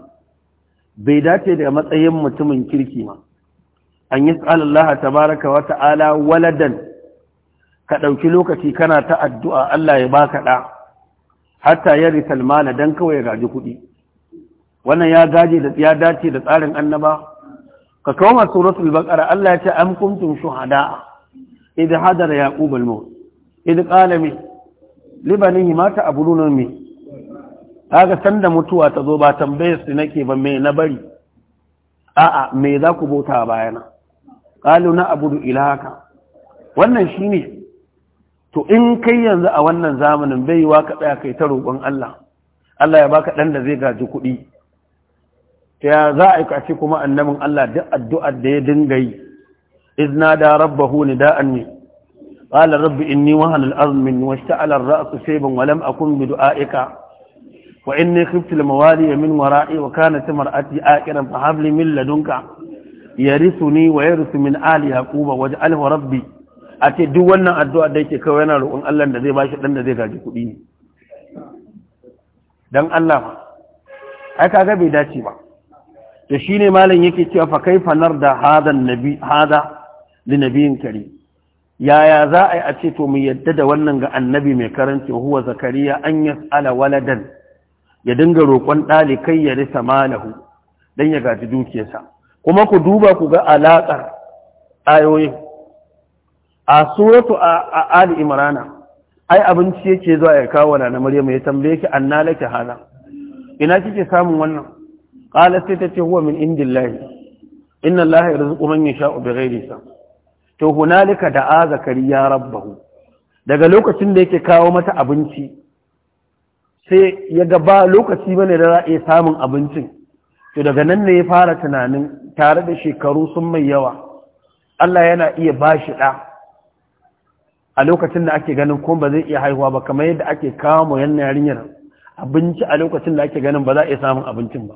A: bai dace da matsayin mutumin kirki ma an yas'al Allah tabaaraka wa ta'ala waladan ka ɗauki lokaci kana ta addu'a Allah ya baka ɗa hatta ya rital mala don kawai ya gaji kuɗi wannan ya gaje da ya dace da tsarin annaba ka kawo masu rasul bakara Allah ya ce an kuntum shuhada idan hadara ya ƙubal mu idan ƙalami libanin mata abu nunan mai kaga sanda mutuwa ta zo ba tambayar su nake ba mai na bari a'a me za ku bauta bayana qalu na abudu haka. wannan shine to in kai yanzu a wannan zamanin bai wa ka tsaya kai ta roƙon Allah Allah ya baka dan da zai gaji kuɗi Ta ya za a yi kashi kuma annabin Allah duk addu'ar da ya dinga yi izna da rabbahu nida'an ni qala rabbi inni wahana al-azm min washta'ala ar-ra'su shayban wa lam akun bi du'aika wa inni khiftu al-mawali min wara'i wa kanat mar'ati aqiran fa habli min ladunka yarithuni wa yarithu min ali yaquba waj'alhu rabbi a ce duk wannan addu'a da yake kawai yana roƙon Allah da zai bashi dan da zai gaji kuɗi ne don Allah ai kaga bai dace ba to ne malam yake cewa fa kai fanar hada nabi hada li nabiyin kari yaya za a yi a ce to mu yadda da wannan ga annabi mai karanci huwa zakariya an ala waladan ya dinga roƙon ɗali kai ya risa malahu don ya gaji dukiyarsa kuma ku duba ku ga alaƙar ayoyin a suratu a ali imrana ai abinci yake zuwa ya kawo na maryam ya tambaye ki anna laki ina kike samun wannan qala sai tace huwa min indillahi inna allaha yarzuqu man yasha'u bighairi sa to hunalika da'a zakariya rabbahu daga lokacin da yake kawo mata abinci sai ya ga ba lokaci bane da za a samun abincin to daga nan ne ya fara tunanin tare da shekaru sun mai yawa Allah yana iya bashi ɗa a lokacin da ake ganin kuma ba zai iya haihuwa ba kamar yadda ake kawo mu yan yarinyar abinci a lokacin da ake ganin ba za a iya samun abincin ba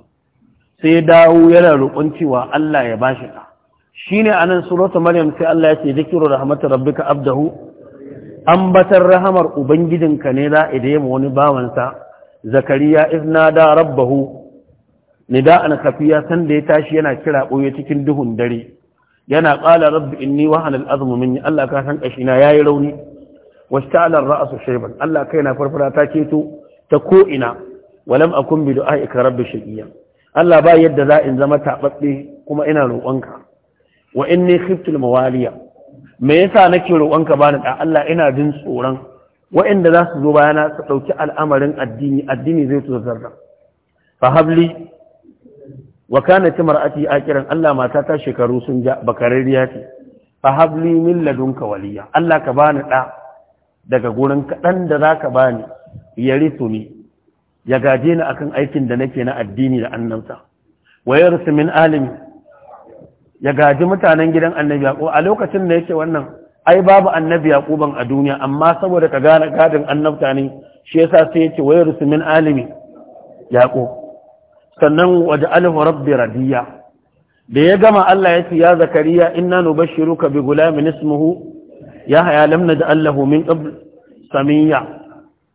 A: sai dawo yana roƙon cewa Allah ya bashi ka shine anan surata maryam sai Allah ya ce zikru rahmatar rabbika abdahu ambatar rahamar ubangijinka ne za a idaye wani bawansa zakariya izna da rabbahu nida'an kafiya sanda ya tashi yana kira ɓoye cikin duhun dare yana ƙala rabbi inni wahana al azumin minni Allah ka san kashi na yayi rauni wasta'ala ar-ra'su shayban Allah kaina farfara ta keto ta ko ina walam akun bi du'aika rabbi shaqiya Allah ba yadda za in zama tababbe kuma ina roƙonka wa inni khiftu al-mawaliya me yasa nake roƙonka bani da Allah ina jin tsoron wa'inda za su zo bayana su ɗauki al'amarin addini addini zai tozarta fa habli wa kana mar'ati akiran Allah mata ta shekaru sun ja bakarriya ce fa habli min ladunka waliya Allah ka bani da daga gurin kadan da zaka bani ya ni ya gaje ni akan aikin da nake na addini da annabta wa yarsu min alimi ya gaji mutanen gidan annabi yaqo a lokacin da yake wannan ai babu annabi yaquban a duniya amma saboda ka gane gadin annabta ne shi yasa sai yace wa yarsu min alimi yaqo sannan waje alifu rabbi da ya gama Allah ya ce ya zakariya inna nubashshiruka bi gulamin ismuhu ya haya lam naj'al lahu min qabl samiya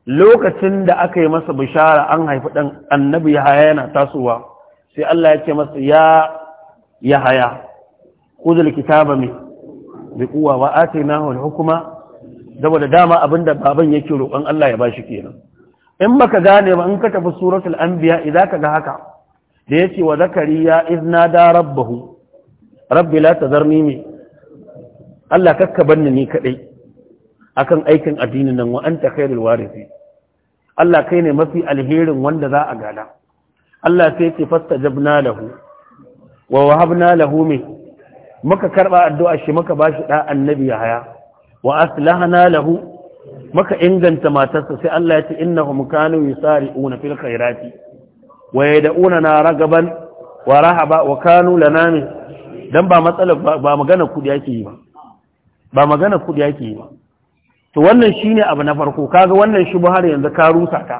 A: lokacin da aka yi masa bishara an haifi dan annabi ya haya yana tasowa sai Allah ya ce masa ya ya haya khudhul kitaba min bi quwwa wa atainahu al-hukma saboda dama abinda baban yake roƙon Allah ya bashi kenan in baka gane ba in ka tafi suratul anbiya idan ka ga haka da yace wa zakariya izna da rabbahu rabbi la tazarni mi Allah kakka banni ni kadai akan aikin addinin nan wa anta khairul warisi Allah kai ne mafi alherin wanda za a gada Allah sai ce fastajabna lahu wa wahabna lahu mi muka karba addu'a shi muka bashi da annabi haya wa aslahna lahu maka inganta matarsa sai Allah ya ce innahum kanu yusari'una fil khairati wa yad'una na ragaban wa rahaba wa kanu lana min dan ba matsala ba magana kudi yake yi ba ba magana kudi yake yi ba to wannan shine abu na farko kaga wannan shubhar yanzu ka rusa ta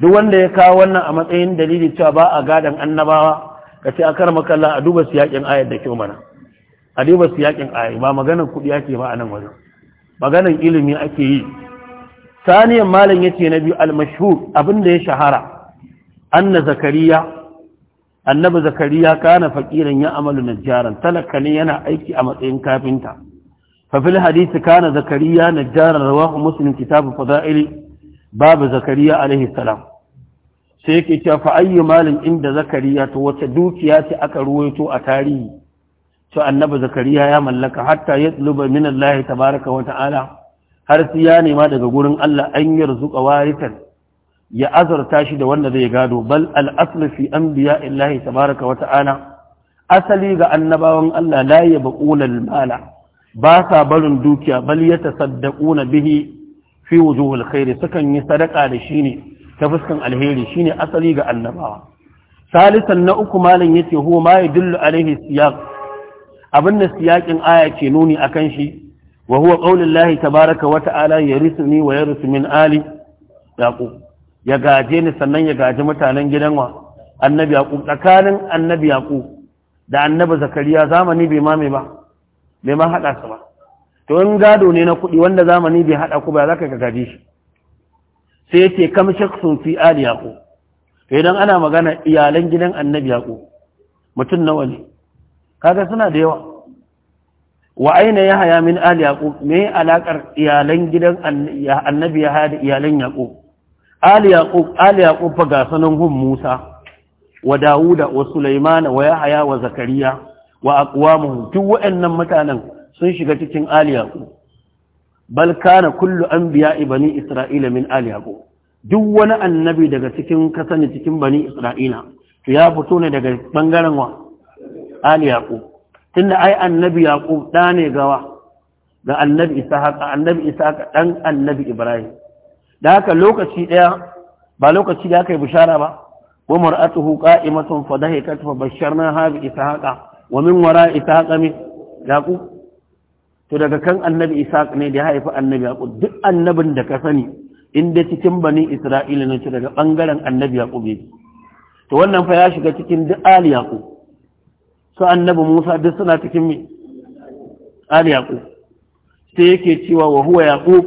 A: duk wanda ya kawo wannan a matsayin dalili cewa ba a gadan annabawa kace akar makalla a duba siyakin ayat da kyau mana a duba siyakin ayat ba magana kudi yake ba a nan wajen maganan ilimi ake yi saniyan malam ce na biyu al abin abinda ya shahara anna zakariya annabi zakariya kana faqiran ya amalu najjaran talaka ne yana aiki a matsayin kafinta fa fil kana zakariya najjaran rawahu muslim kitabu fadaili babu zakariya alaihi salam sai yake cewa fa ayyu inda zakariya to wace dukiya ce aka ruwaito a tarihi to annabi zakariya ya mallaka hatta ya tsuba min Allah tabaraka wa ta'ala har sai ya nema daga gurin Allah an yarzuka waritan ya azurta shi da wanda zai gado bal al aslu fi anbiya Allah tabaraka wa ta'ala asali ga annabawan Allah la yabquna al mala ba sa barin dukiya bal yatasaddaquna bihi fi wujuhil khair sukan yi sadaka da shi ne ta fuskan alheri shine asali ga annabawa salisan na uku malam yace huwa ma yadullu alaihi siyaq abin da siyakin aya ke nuni akan shi wa huwa wata ala wa ta'ala ni wa yarisu min ali yaqub ya gaje ni sannan ya gaje mutanen gidan wa annabi yaqub tsakanin annabi yaqub da annabi zakariya zamani bai mame ba bai ma haɗa su ba to in gado ne na kuɗi wanda zamani bai haɗa ku ba za ka gaji shi sai ya ce kam sun fi ali yaqub to idan ana magana iyalan gidan annabi yaqub mutum nawa ne kaga suna da yawa wa aina ya haya min ali yaqub me alakar iyalan gidan annabi ya haya da iyalan yaqub ali yaqub ali yaqub fa ga sanan hum musa wa dauda wa sulaiman wa yahya wa zakariya wa aqwamuhum duk waɗannan mutanen sun shiga cikin ali yaqub bal kana kullu anbiya bani isra'ila min ali yaqub duk wani annabi daga cikin kasani cikin bani isra'ila ya fito ne daga bangaren wa ali yaqub tunda ai annabi yaqub da ne gawa ga annabi ishaq annabi ishaq dan annabi ibrahim da haka lokaci daya ba lokaci da aka yi bishara ba wa mar'atuhu qa'imatun fa dahikat fa ha bi ishaq wa min wara ishaq mi yaqub to daga kan annabi ishaq ne da ya haifi annabi yaqub duk annabin da ka sani inda cikin bani isra'ila ne daga bangaren annabi yaqub ne to wannan fa ya shiga cikin duk ali yaqub su annabi Musa duk suna cikin me Ali Yaqub sai yake cewa wa huwa Yaqub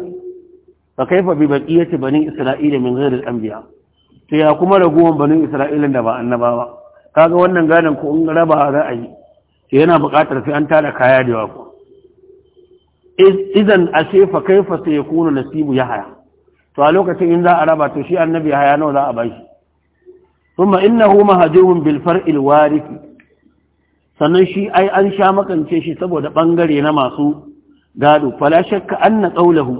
A: fa kaifa bi baqiyati bani Isra'ila min ghairi al-anbiya sai ya kuma raguwan bani Isra'ila da ba ba kaga wannan ganin ko in raba ra'ayi sai yana buƙatar sai an tara kaya da yawa idan ashe fa kaifa sai kuna nasibu ya haya. to a lokacin in za a raba to shi annabi ya haya nawa za a bashi ثم إنه مهجوم بالفرع الوارث sannan shi ai an sha makance shi saboda ɓangare na masu gado fala shakka anna qawluhu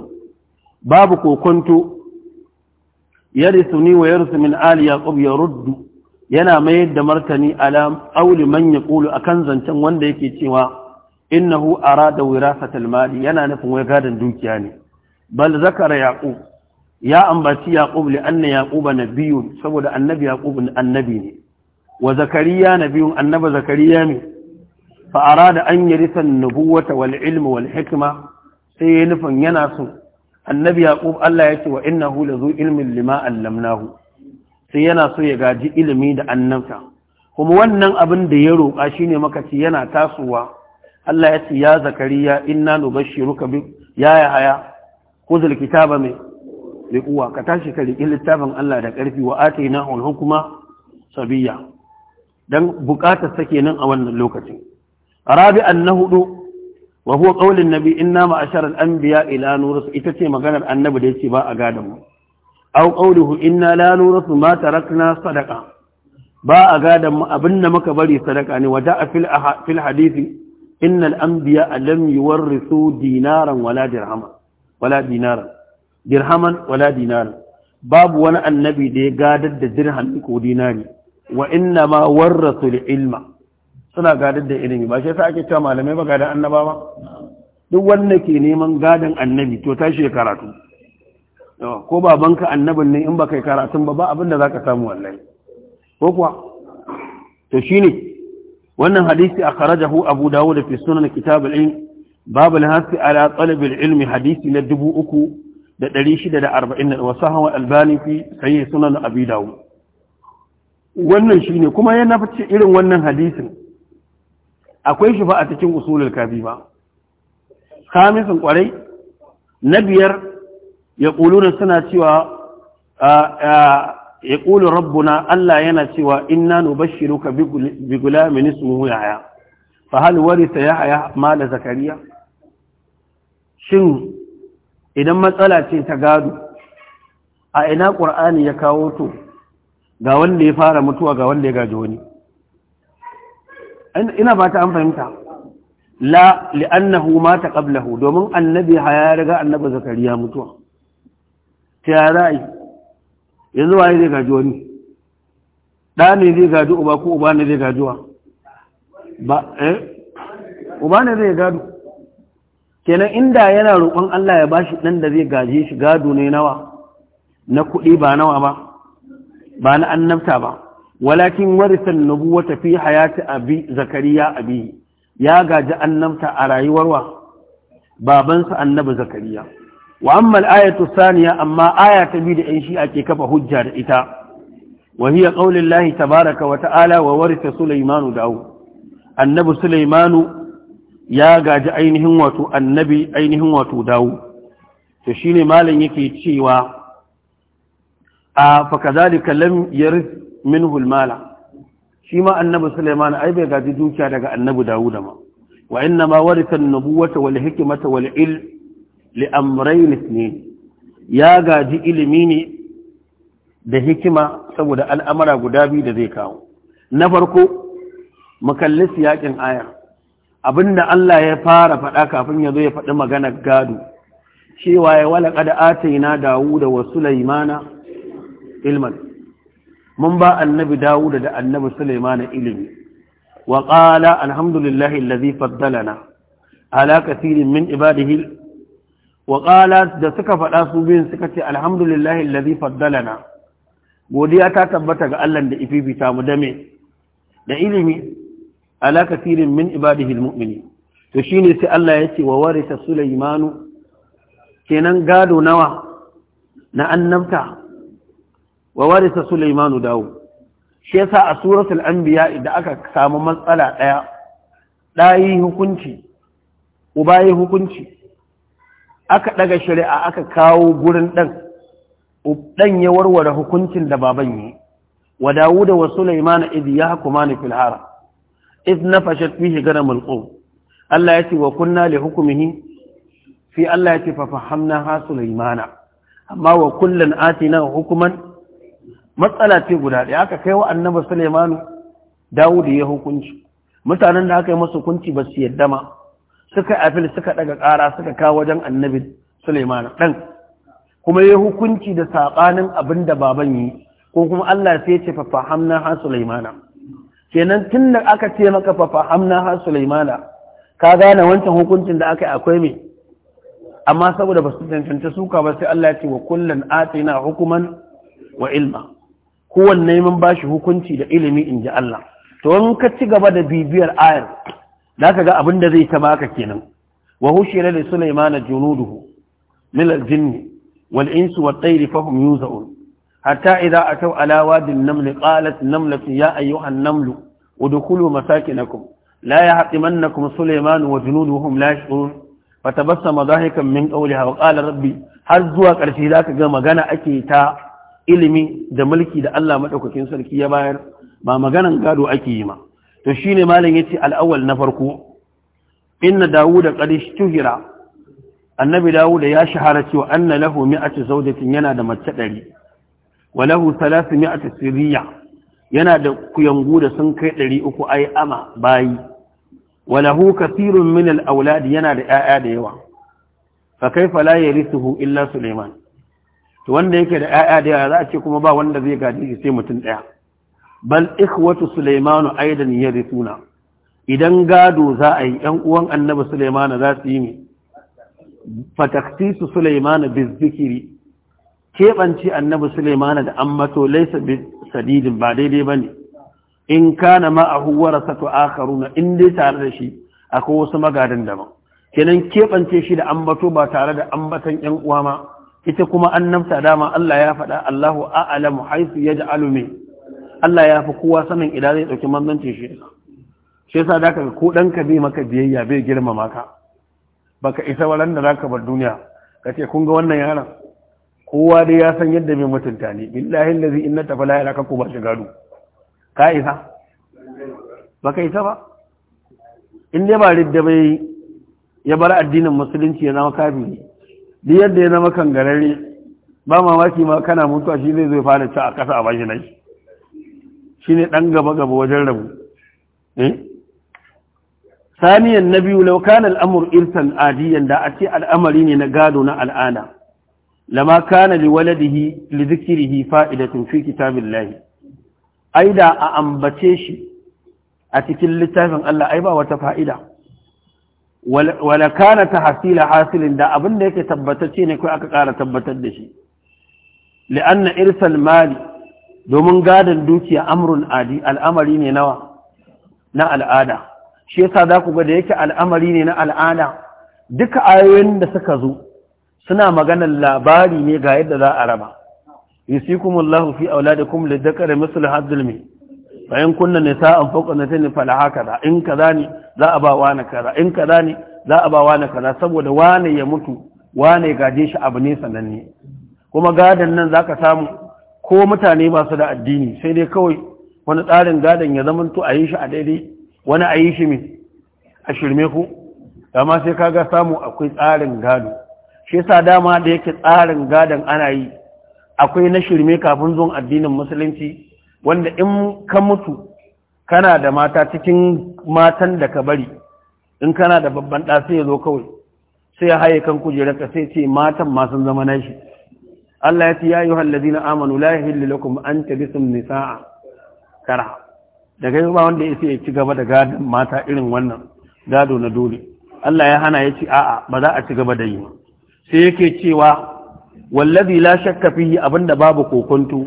A: babu kokonto yarisuni wa yarisu min ali ya yaruddu yana mayar da martani alam auli man a kan zancen wanda yake cewa innahu da wirasatal mali yana nufin wai gadon dukiya ne bal zakara yaqub ya ambaci yaqub li anna yaquba nabiyyun saboda annabi yaqub annabi ne wa zakariya nabiyun annaba zakariya ne fa arada an yarisa nubuwata wal ilmi wal hikma sai ya nufin yana so annabi yaqub Allah ya ce wa innahu zu ilmin lima allamnahu sai yana so ya gaji ilimi da annabta kuma wannan abin da ya roƙa shine maka ci yana tasowa Allah ya ce ya zakariya inna nubashshiruka bi ya ya haya khudhul kitaba mai liquwa ka tashi ka riƙi littafin Allah da ƙarfi wa atainahu hukuma sabiya dan bukatar sa kenan a wannan lokacin rabi'an na hudu wa huwa qaulin nabi inna ma'ashar al-anbiya ila nurus ita ce maganar annabi da yace ba a gadan mu aw qauluhu inna la nurus ma rakna sadaka. ba a gadon mu abinda muka bari sadaka ne wa da'a fil fil hadisi innal anbiya lam yuwarrisu dinaran wala dirhama wala dinaran dirhaman wala dinaran babu wani annabi da ya gadar da dirham ko dinari wa inna ma warrasul ilma suna gadar da ilimi ba shi yasa ake cewa malamai ba gadan annaba ba duk wanda ke neman gadan annabi to tashi ya karatu ko babanka annabin ne in ba kai karatun ba ba abin da ka samu wallahi ko kuwa to ne. wannan hadisi akhrajahu abu dawud fi sunan kitab Ala, ilm Ilmi, Hadisi na dubu uku da ندبو shida da arba'in دا أربعين وصحة Albani fi صحيح Sunan, Abi, داود wannan shi ne kuma yana fice irin wannan hadisin akwai shi fa a cikin usulul kafi ba kwarai na biyar ya suna cewa ya kulu rabbuna Allah yana cewa in inna nubashshiruka bi gulamin ismuhu yahya fa hal warisa yahya mala zakariya shin idan matsala ce ta gado a ina ƙur'ani ya kawo to ga wanda ya fara mutuwa ga wanda ya gaji wani ina ba ta an fahimta la li'annahu mata qablahu domin annabi ya riga annabi zakariya mutuwa ta ya ra'ayi yanzu waye zai gaji wani da ne zai gaji uba ko uba ne zai gaji wa ba eh uba ne zai gado kenan inda yana roƙon Allah ya bashi dan da zai gaje shi gado ne nawa na kuɗi ba nawa ba ba na annabta ba walakin warisan nubuwata fi hayati abi zakariya ya gaji annabta a rayuwarwa babansa annabi zakariya wa amma al-ayatu saniya amma aya ta bi da yan shi ke kafa hujja da ita wa hiya ta baraka wata ala wa warisa sulaymanu da'u annabi sulaymanu ya gaji ainihin wato annabi ainihin wato dawo to shine malam yake cewa a fakazalika lam yarid minhu almala shi ma annabi Sulaiman ai bai gaji dukiya daga annabi Dawuda ma wa inna ma warisa an-nubuwata wal hikmata wal ilm li amrayn ithnayn ya gaji ilimi ne da hikima saboda al'amara guda biyu da zai kawo na farko mukallis yakin aya abinda Allah ya fara faɗa kafin ya zo ya faɗi maganar gado cewa ya wala da ataina Dawuda wa Sulaimana ilman mun ba annabi dawud da annabi sulaiman ilimi wa qala alhamdulillahi allazi faddalana ala kathirin min ibadihi wa qala da suka faɗa su biyun suka ce alhamdulillahi allazi faddalana godiya ta tabbata ga Allah da ififita mu dame da ilimi ala kathirin min ibadihi almu'mini to shine sai Allah ya ce wa warisa sulaimanu kenan gado nawa na annabta wa warisa Sulaiman Dawud shi yasa a suratul anbiya idan aka samu matsala daya dayi hukunci ubayi hukunci aka daga shari'a aka kawo gurin dan dan ya warware hukuncin da baban yi wa Dawuda wa Sulaiman idh yahkumani fil haram idh nafashat fihi ganamul qum Allah yace wa kunna li hukmihi fi Allah yace fa ha Sulaimana amma wa kullan atina hukuman matsala ce guda ɗaya aka kai wa annabi Suleimanu, Dawud ya hukunci mutanen da aka yi masa hukunci ba su yadda ma suka afil suka daga ƙara suka kawo wajen annabi Suleimanu ɗan kuma ya hukunci da saƙanin abin da baban yi ko kuma Allah sai ya ce fa fahamna ha Sulaimana kenan tun da aka ce maka fa fahamna ha Sulaimana ka gane wancan hukuncin da aka yi akwai me amma saboda ba su cancanta suka ba sai Allah ya ce wa kullun atina hukuman wa ilma neman ba bashi hukunci da ilimi in ji Allah to in ka ci gaba da bibiyar ayar Za ka ga abin da zai ta baka kenan wa hushira li sulaiman junuduhu min al-jinn wal insi wat tayr fa hum yuzaun hatta idza ataw ala wadi an-naml qalat an-namlatu ya ayyuha an-namlu udkhulu masakinakum la yahtimannakum sulaiman wa junuduhum la yashurun fatabassama dhahikan min qawliha wa qala rabbi har zuwa ƙarshe zaka ga magana ake ta ilimi da mulki da Allah maɗaukakin sarki ya bayar ba maganan gado ake yi ma to shine malam ya ce al'awal na farko inna dawud qad tuhira. annabi dawud ya shahara cewa anna lahu mi'atu zawjatin yana da mace ɗari. wa lahu 300 sirriya yana da kuyangu da sun kai uku ai ama bayi wa lahu kathirun min al-awlad yana da 'ya'ya da yawa fa kaifa la yarithuhu illa sulaiman to wanda yake da 'ya'ya da yara za a ce kuma ba wanda zai gaji shi sai mutum ɗaya bal ikhwatu sulaimanu aidan yarithuna idan gado za a yi 'yan uwan annabi sulaimanu za su yi ne fataktisu sulaimanu bizikiri keɓance annabi sulaimanu da ammato laisa bi sadidin ba daidai bane in kana ma'ahu warasatu akharuna in dai tare da shi akwai wasu magadan daban kenan keɓance shi da ambato ba tare da ambatan 'yan uwa ma ita kuma an namta dama Allah ya faɗa Allahu a'lamu haythu yaj'alu min Allah ya fi kowa sanin idan zai dauki manzancin shi shi yasa da ka ko dan ka bai maka biyayya bai girmama ka baka isa waran da zaka bar duniya kace kun ga wannan yaron kowa dai ya san yadda bai mutunta ne billahi allazi inna tafala ya ku kuma shi gado ka isa baka isa ba in dai ba ridda bai ya bar addinin musulunci ya zama kafiri duk yadda ya zama kangarare ba mamaki ma kana mutuwa shi zai zai fara ci a kasa a bashi nai shi ne ɗan gaba gaba wajen rabu eh? saniyan na biyu laukan al'amur irsan adiyan da a ce al'amari ne na gado na al'ada lama kana li waladihi li zikirihi fa'idatun fi kitabillahi ai da a ambace shi a cikin littafin Allah ai ba wata fa'ida wala kana tahsila hasilin da abin da yake tabbatacce ne kai aka ƙara tabbatar da shi na irsal mali domin gadon dukiya amrun adi al'amari ne nawa na al'ada shi yasa za ku ga da yake al'amari ne na al'ada duka ayoyin da suka zo suna maganar labari ne ga yadda za a raba yusikumullahu fi auladikum lidhakari mislu hadzul min bayan kunna nisa an fauka na tani fala haka da in kaza ne za a ba wani kaza in kaza ne za a ba wani kaza saboda wani ya mutu wani gaje shi abu ne sananne kuma gadon nan zaka samu ko mutane masu da addini sai dai kawai wani tsarin gadon ya zama to a yi shi a daidai wani a yi shi mai a shirme ku dama sai kaga samu akwai tsarin gado shi yasa dama da yake tsarin gadon ana yi akwai na shirme kafin zuwan addinin musulunci wanda in ka mutu kana da mata cikin matan da ka bari in kana da babban ɗa sai ya zo kawai sai ya haye kan ka sai ce matan ma sun zama nashi Allah ya ce ya yi hallazi na amanu la yahillu lakum an tabisun nisa'a kara daga yau ba wanda ya ya ci gaba da gadon mata irin wannan gado na dole Allah ya hana ya ce a'a ba za a ci gaba da yi sai yake cewa wallazi la shakka fihi abinda babu kokonto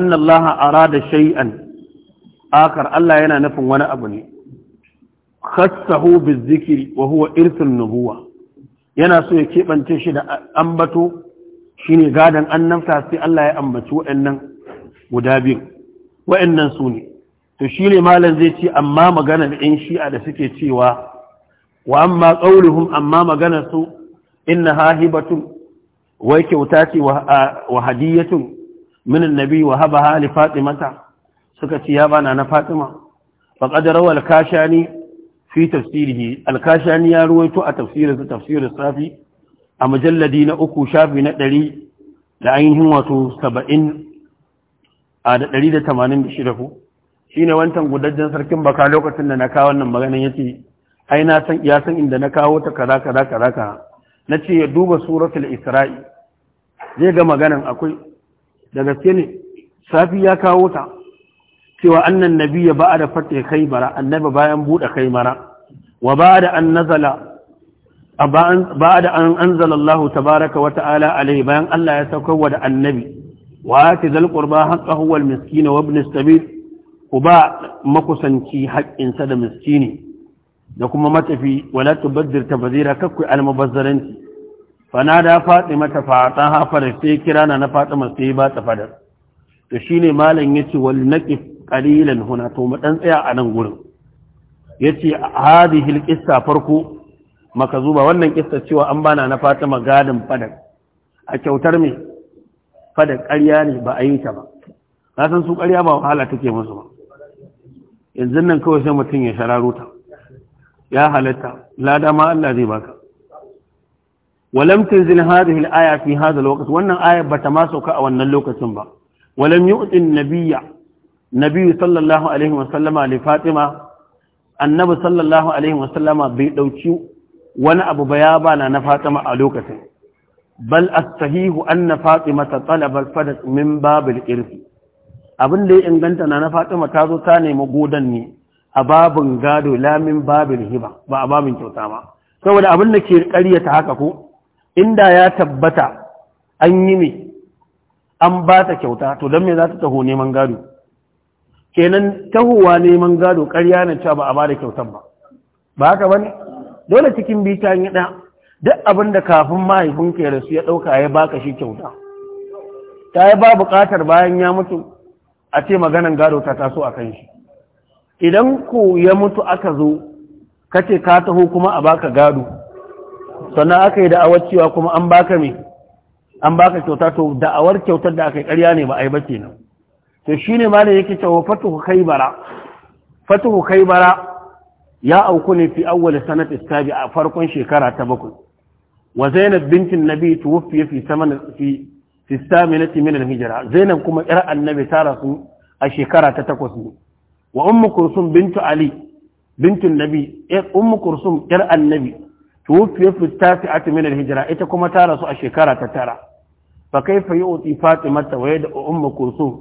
A: laha ara da shai'an akar Allah yana nufin wani abu ne khassahu bizikri wa huwa irthun nubuwa yana so ya keɓance shi da ambato shine gadan annabta sai Allah ya ambaci waɗannan guda biyu waɗannan su ne to shine malam zai ce amma maganar da ɗan shi'a da suke cewa wa amma qauluhum amma magana su inna hahibatun wai kyauta ce wa hadiyatun min annabi wa habaha li fatimata suka ci ya bana na fatima faqad rawa al-kashani fi al-kashani ya ruwaito a tafsirin safi a mujalladi na uku shafi na ɗari da ainihin wato saba'in a da ɗari da tamanin da shida ku shi ne wancan gudajen sarkin baka lokacin da na kawo wannan maganin ya ce ai na san ya san inda na kawo ta kaza kaza kaza na ce ya duba suratul isra'i zai ga maganan akwai da gaske ne safi ya kawo ta cewa annan nabiyya ba da fatte kai mara annaba bayan bude kai mara wa ba da an nazala ba da an anzala Allah tabaraka wa ta'ala alai bayan Allah ya saukar wa da annabi wa ati zal qurba haqqahu wal miskin wa ibn sabil uba makusanci haƙƙinsa da miskini da kuma matafi wala tubaddir tabdira kakku al mubazzaranti fanada fatima ta fata hafar sai kira na fatima sai ba ta fadar to shine malam yace wal naqif qalilan huna to mu dan tsaya a nan gurin yace hadhihi al qissa farko maka zuba, wannan kissa cewa an ba na fatima gadin fadar a kyautar mai fadar ƙarya ne ba a yi ta ba na san su ƙarya ba wahala take musu ba yanzu nan kawai sai mutum ya shararo ta ya halatta lada ma Allah zai baka ولم تنزل هذه الآية في هذا الوقت وأن آية بتماسك أو أن اللوكة با ولم يؤت النبي النبي صلى الله عليه وسلم لفاطمة النبي صلى الله عليه وسلم بيدوشي وانا أبو بيابا نفاطمة ألوكة بل الصحيح أن فاطمة طلب الفدس من باب الإرث abin da ya inganta na Fatima ta zo ta nemi godan ne a babin gado lamin babin hiba ba a babin kyauta ba saboda abin da ke ƙaryata haka ko inda ya tabbata an yi ne an ba ta kyauta to don me za ta taho neman gado kenan tahowa neman gado karya na cewa ba a ba da kyautan ba ba haka ba ne dole cikin bita yi ɗan duk abin da kafin mahaifinka ya rasu ya ɗauka ya baka shi kyauta ta yi ba buƙatar bayan ya mutu a ce maganan gado ta taso a kan shi idan ku ya mutu aka zo ka ce ka taho kuma a baka gado sannan aka yi da'awar cewa kuma an baka me an baka kyauta to da'awar kyautar da aka yi ƙarya ne ba a yi ba kenan to shine ma ne yake cewa fatuhu khaybara fatuhu bara ya auku ne fi awwal sanati sabi a farkon shekara ta bakwai wa zainab bintin nabi tuwfi fi saman fi fi saminati min al-hijra zainab kuma ira annabi ta rasu a shekara ta takwas ne wa ummu kursum bintu ali bintin nabi ummu kursum ira annabi tuwfiya fi tasi'ati min al-hijra ita kuma ta rasu a shekara ta tara fa kaifa yu'ti fatimata wa yad'u ummu kulsum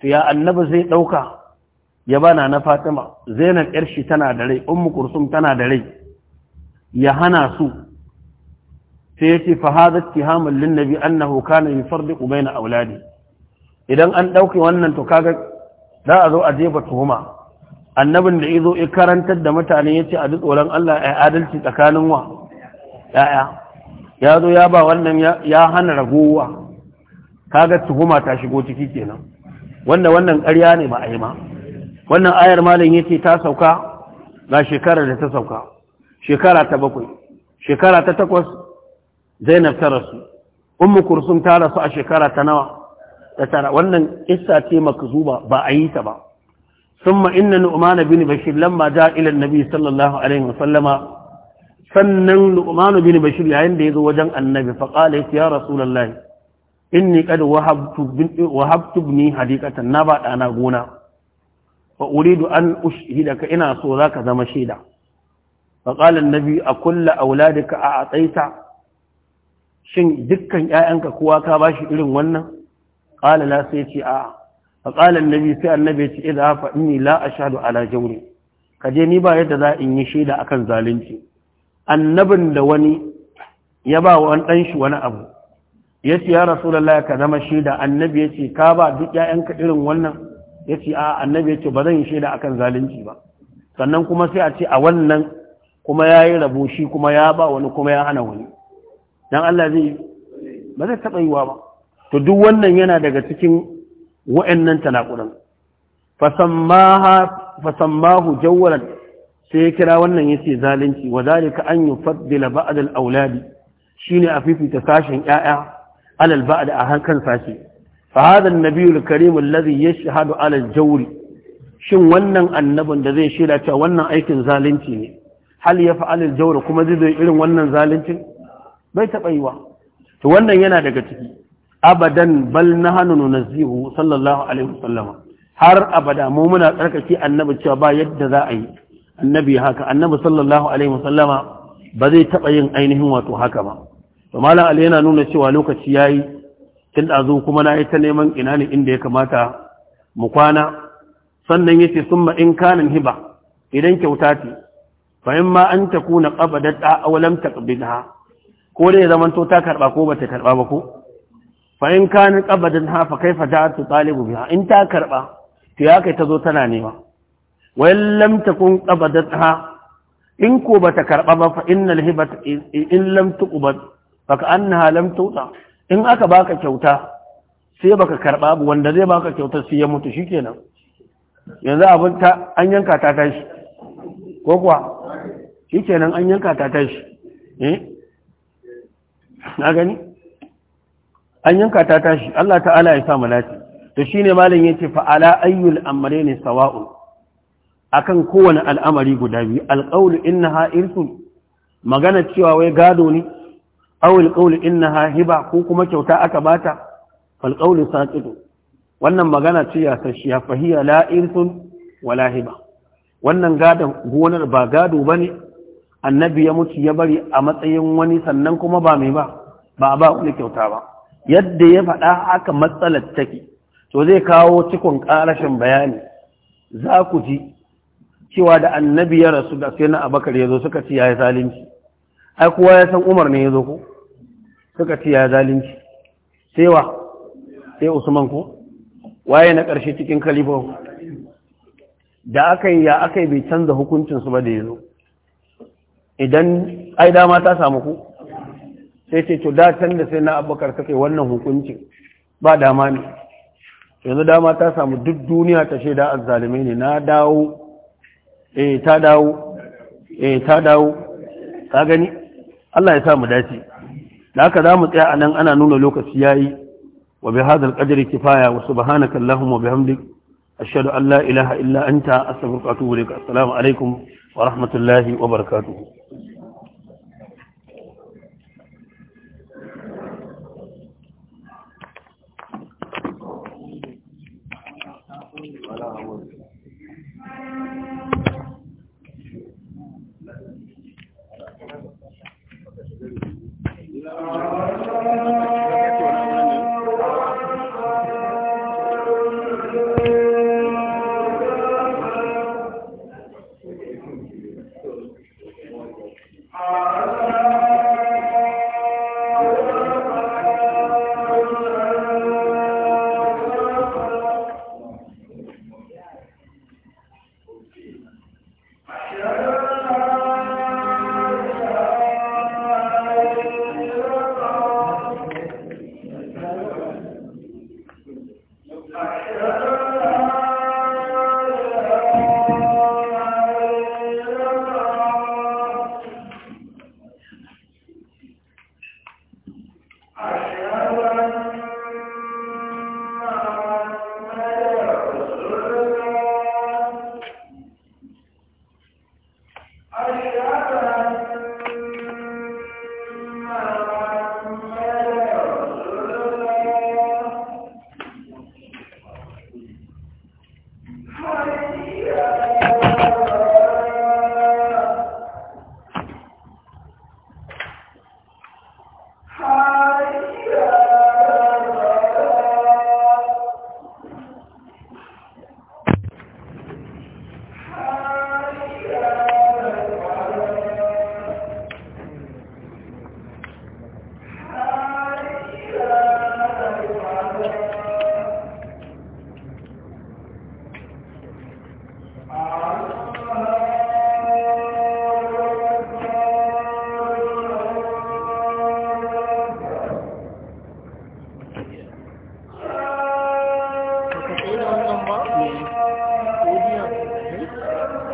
A: to ya annabi zai ɗauka ya bana na fatima zainab yar shi tana da rai ummu kulsum tana da rai ya hana su sai yace fa hadha ittihamul lin nabi annahu kana yufarriqu bayna auladi idan an dauke wannan to kaga za a zo a jefa tuhuma annabin da izo ya karantar da mutane ya ce a tsoron Allah ya adalci tsakanin wa ya'ya ya zo ya ba wannan ya hana ragowa kaga tuhuma ta shigo ciki kenan wanda wannan ƙarya ne ba a yi ma wannan ayar malam ya ce ta sauka Na shekarar da ta sauka shekara ta bakwai shekara ta takwas zainab ta rasu ummu kursum ta rasu a shekara ta nawa ta tara wannan issa ce makzuba ba a yi ta ba ثم إن نؤمان بن بشير لما جاء إلى النبي صلى الله عليه وسلم sannan nu'manu bin bashir yayin da yazo wajen annabi fa qala ya rasulullahi inni qad wahabtu bin wahabtu ibni hadiqatan na ba dana gona wa uridu an ushhidaka ina so zaka zama shaida fa qala annabi a kullu auladika a ataita shin dukkan ƴaƴanka kowa ka bashi irin wannan qala la sai ce a'a. فقال النبي سي النبي إذا فإني لا أشهد على جوري kaje ni ba yadda za in yi shaida akan zalunci annabin da wani ya ba wa dan wani abu yace ya rasulullah ka zama shaida annabi yace ka ba duk ƴaƴanka irin wannan yace a annabi yace ba zan yi shaida akan zalunci ba sannan kuma sai a ce a wannan kuma yayi rabo shi kuma ya ba wani kuma ya hana wani dan Allah zai ba zai taba ba to duk wannan yana daga cikin wa'annan tanakudan fasammahu jawwalan sai ya kira wannan yace zalunci wa zalika an yufaddila ba'd auladi shine a fifita sashen ƴaƴa alal ba'd a hankan sashi fa hadha an-nabiyyu al-karim alladhi yashhadu ala al shin wannan annabin da zai shaida cewa wannan aikin zalunci ne hal ya fa'al al-jawr kuma zai irin wannan zaluncin bai taba yi wa to wannan yana daga ciki abadan bal na zihu, sallallahu alaihi wasallam har abada mu muna tsarkake annabi cewa ba yadda za a yi annabi haka annabi sallallahu alaihi wasallama ba zai taba yin ainihin wato haka ba to malam ali yana nuna cewa lokaci yayi tun dazu kuma na yi ta neman ina ne inda ya kamata mu kwana sannan yace summa in kanin hiba idan kyauta ce fa in ma an takuna qabadat aw lam taqbidha ko dai zaman to ta karba ko bata karba ba ko fahim kanin ƙabadin hafa kai fa ta talibu biya in ta karɓa to ya kai ta zo tana nema wayan lamta kun ƙabadin ha in ko ba ta karɓa ba fa in ta, in lamta ƙubat ba ka an na lamta in aka baka kyauta sai baka karɓa ba. wanda zai baka kyauta sai ya mutu shi kenan yanzu abin ta an yanka ta tashi ko kuwa shi kenan an yanka ta tashi eh na gani an yanka ta tashi Allah ta'ala ya sa mu lati to shine malam yace fa ala ayyul amrayn sawa'un akan kowane al'amari guda biyu alqawlu innaha irsun magana cewa wai gado ne aw alqawlu innaha hiba ko kuma kyauta aka bata fal qawlu saqitu wannan magana ce ya sashiya fahiya la irsun wala hiba wannan gadon gonar ba gado ba annabi ya mutu ya bari a matsayin wani sannan kuma ba mai ba ba ba kyauta ba yadda ya faɗa haka matsalar take to zai kawo cikon ƙarashin bayani za ku ji cewa da annabi ya rasu da sai na abakar ya zo suka ci ya yi zalunci ai kowa ya san umar ne ya zo ko suka ci ya yi zalunci sai wa sai usman ko waye na ƙarshe cikin kalifan da aka yi ya aka yi bai canza hukuncinsu ba da ya zo idan ai dama ta samu ku sai ce to datan da sai na abubakar ta kai wannan hukuncin ba dama ne yanzu dama ta samu duk duniya ta shaida azzalime ne na dawo eh ta dawo eh ta dawo ka gani Allah ya sa mu dace da haka za mu tsaya a nan ana nuna lokaci ya yi. wa bi hadal qadri kifaya wa subhanaka allahumma wa an la ilaha illa anta astaghfiruka wa atubu ilaik assalamu alaikum wa rahmatullahi wa barakatuh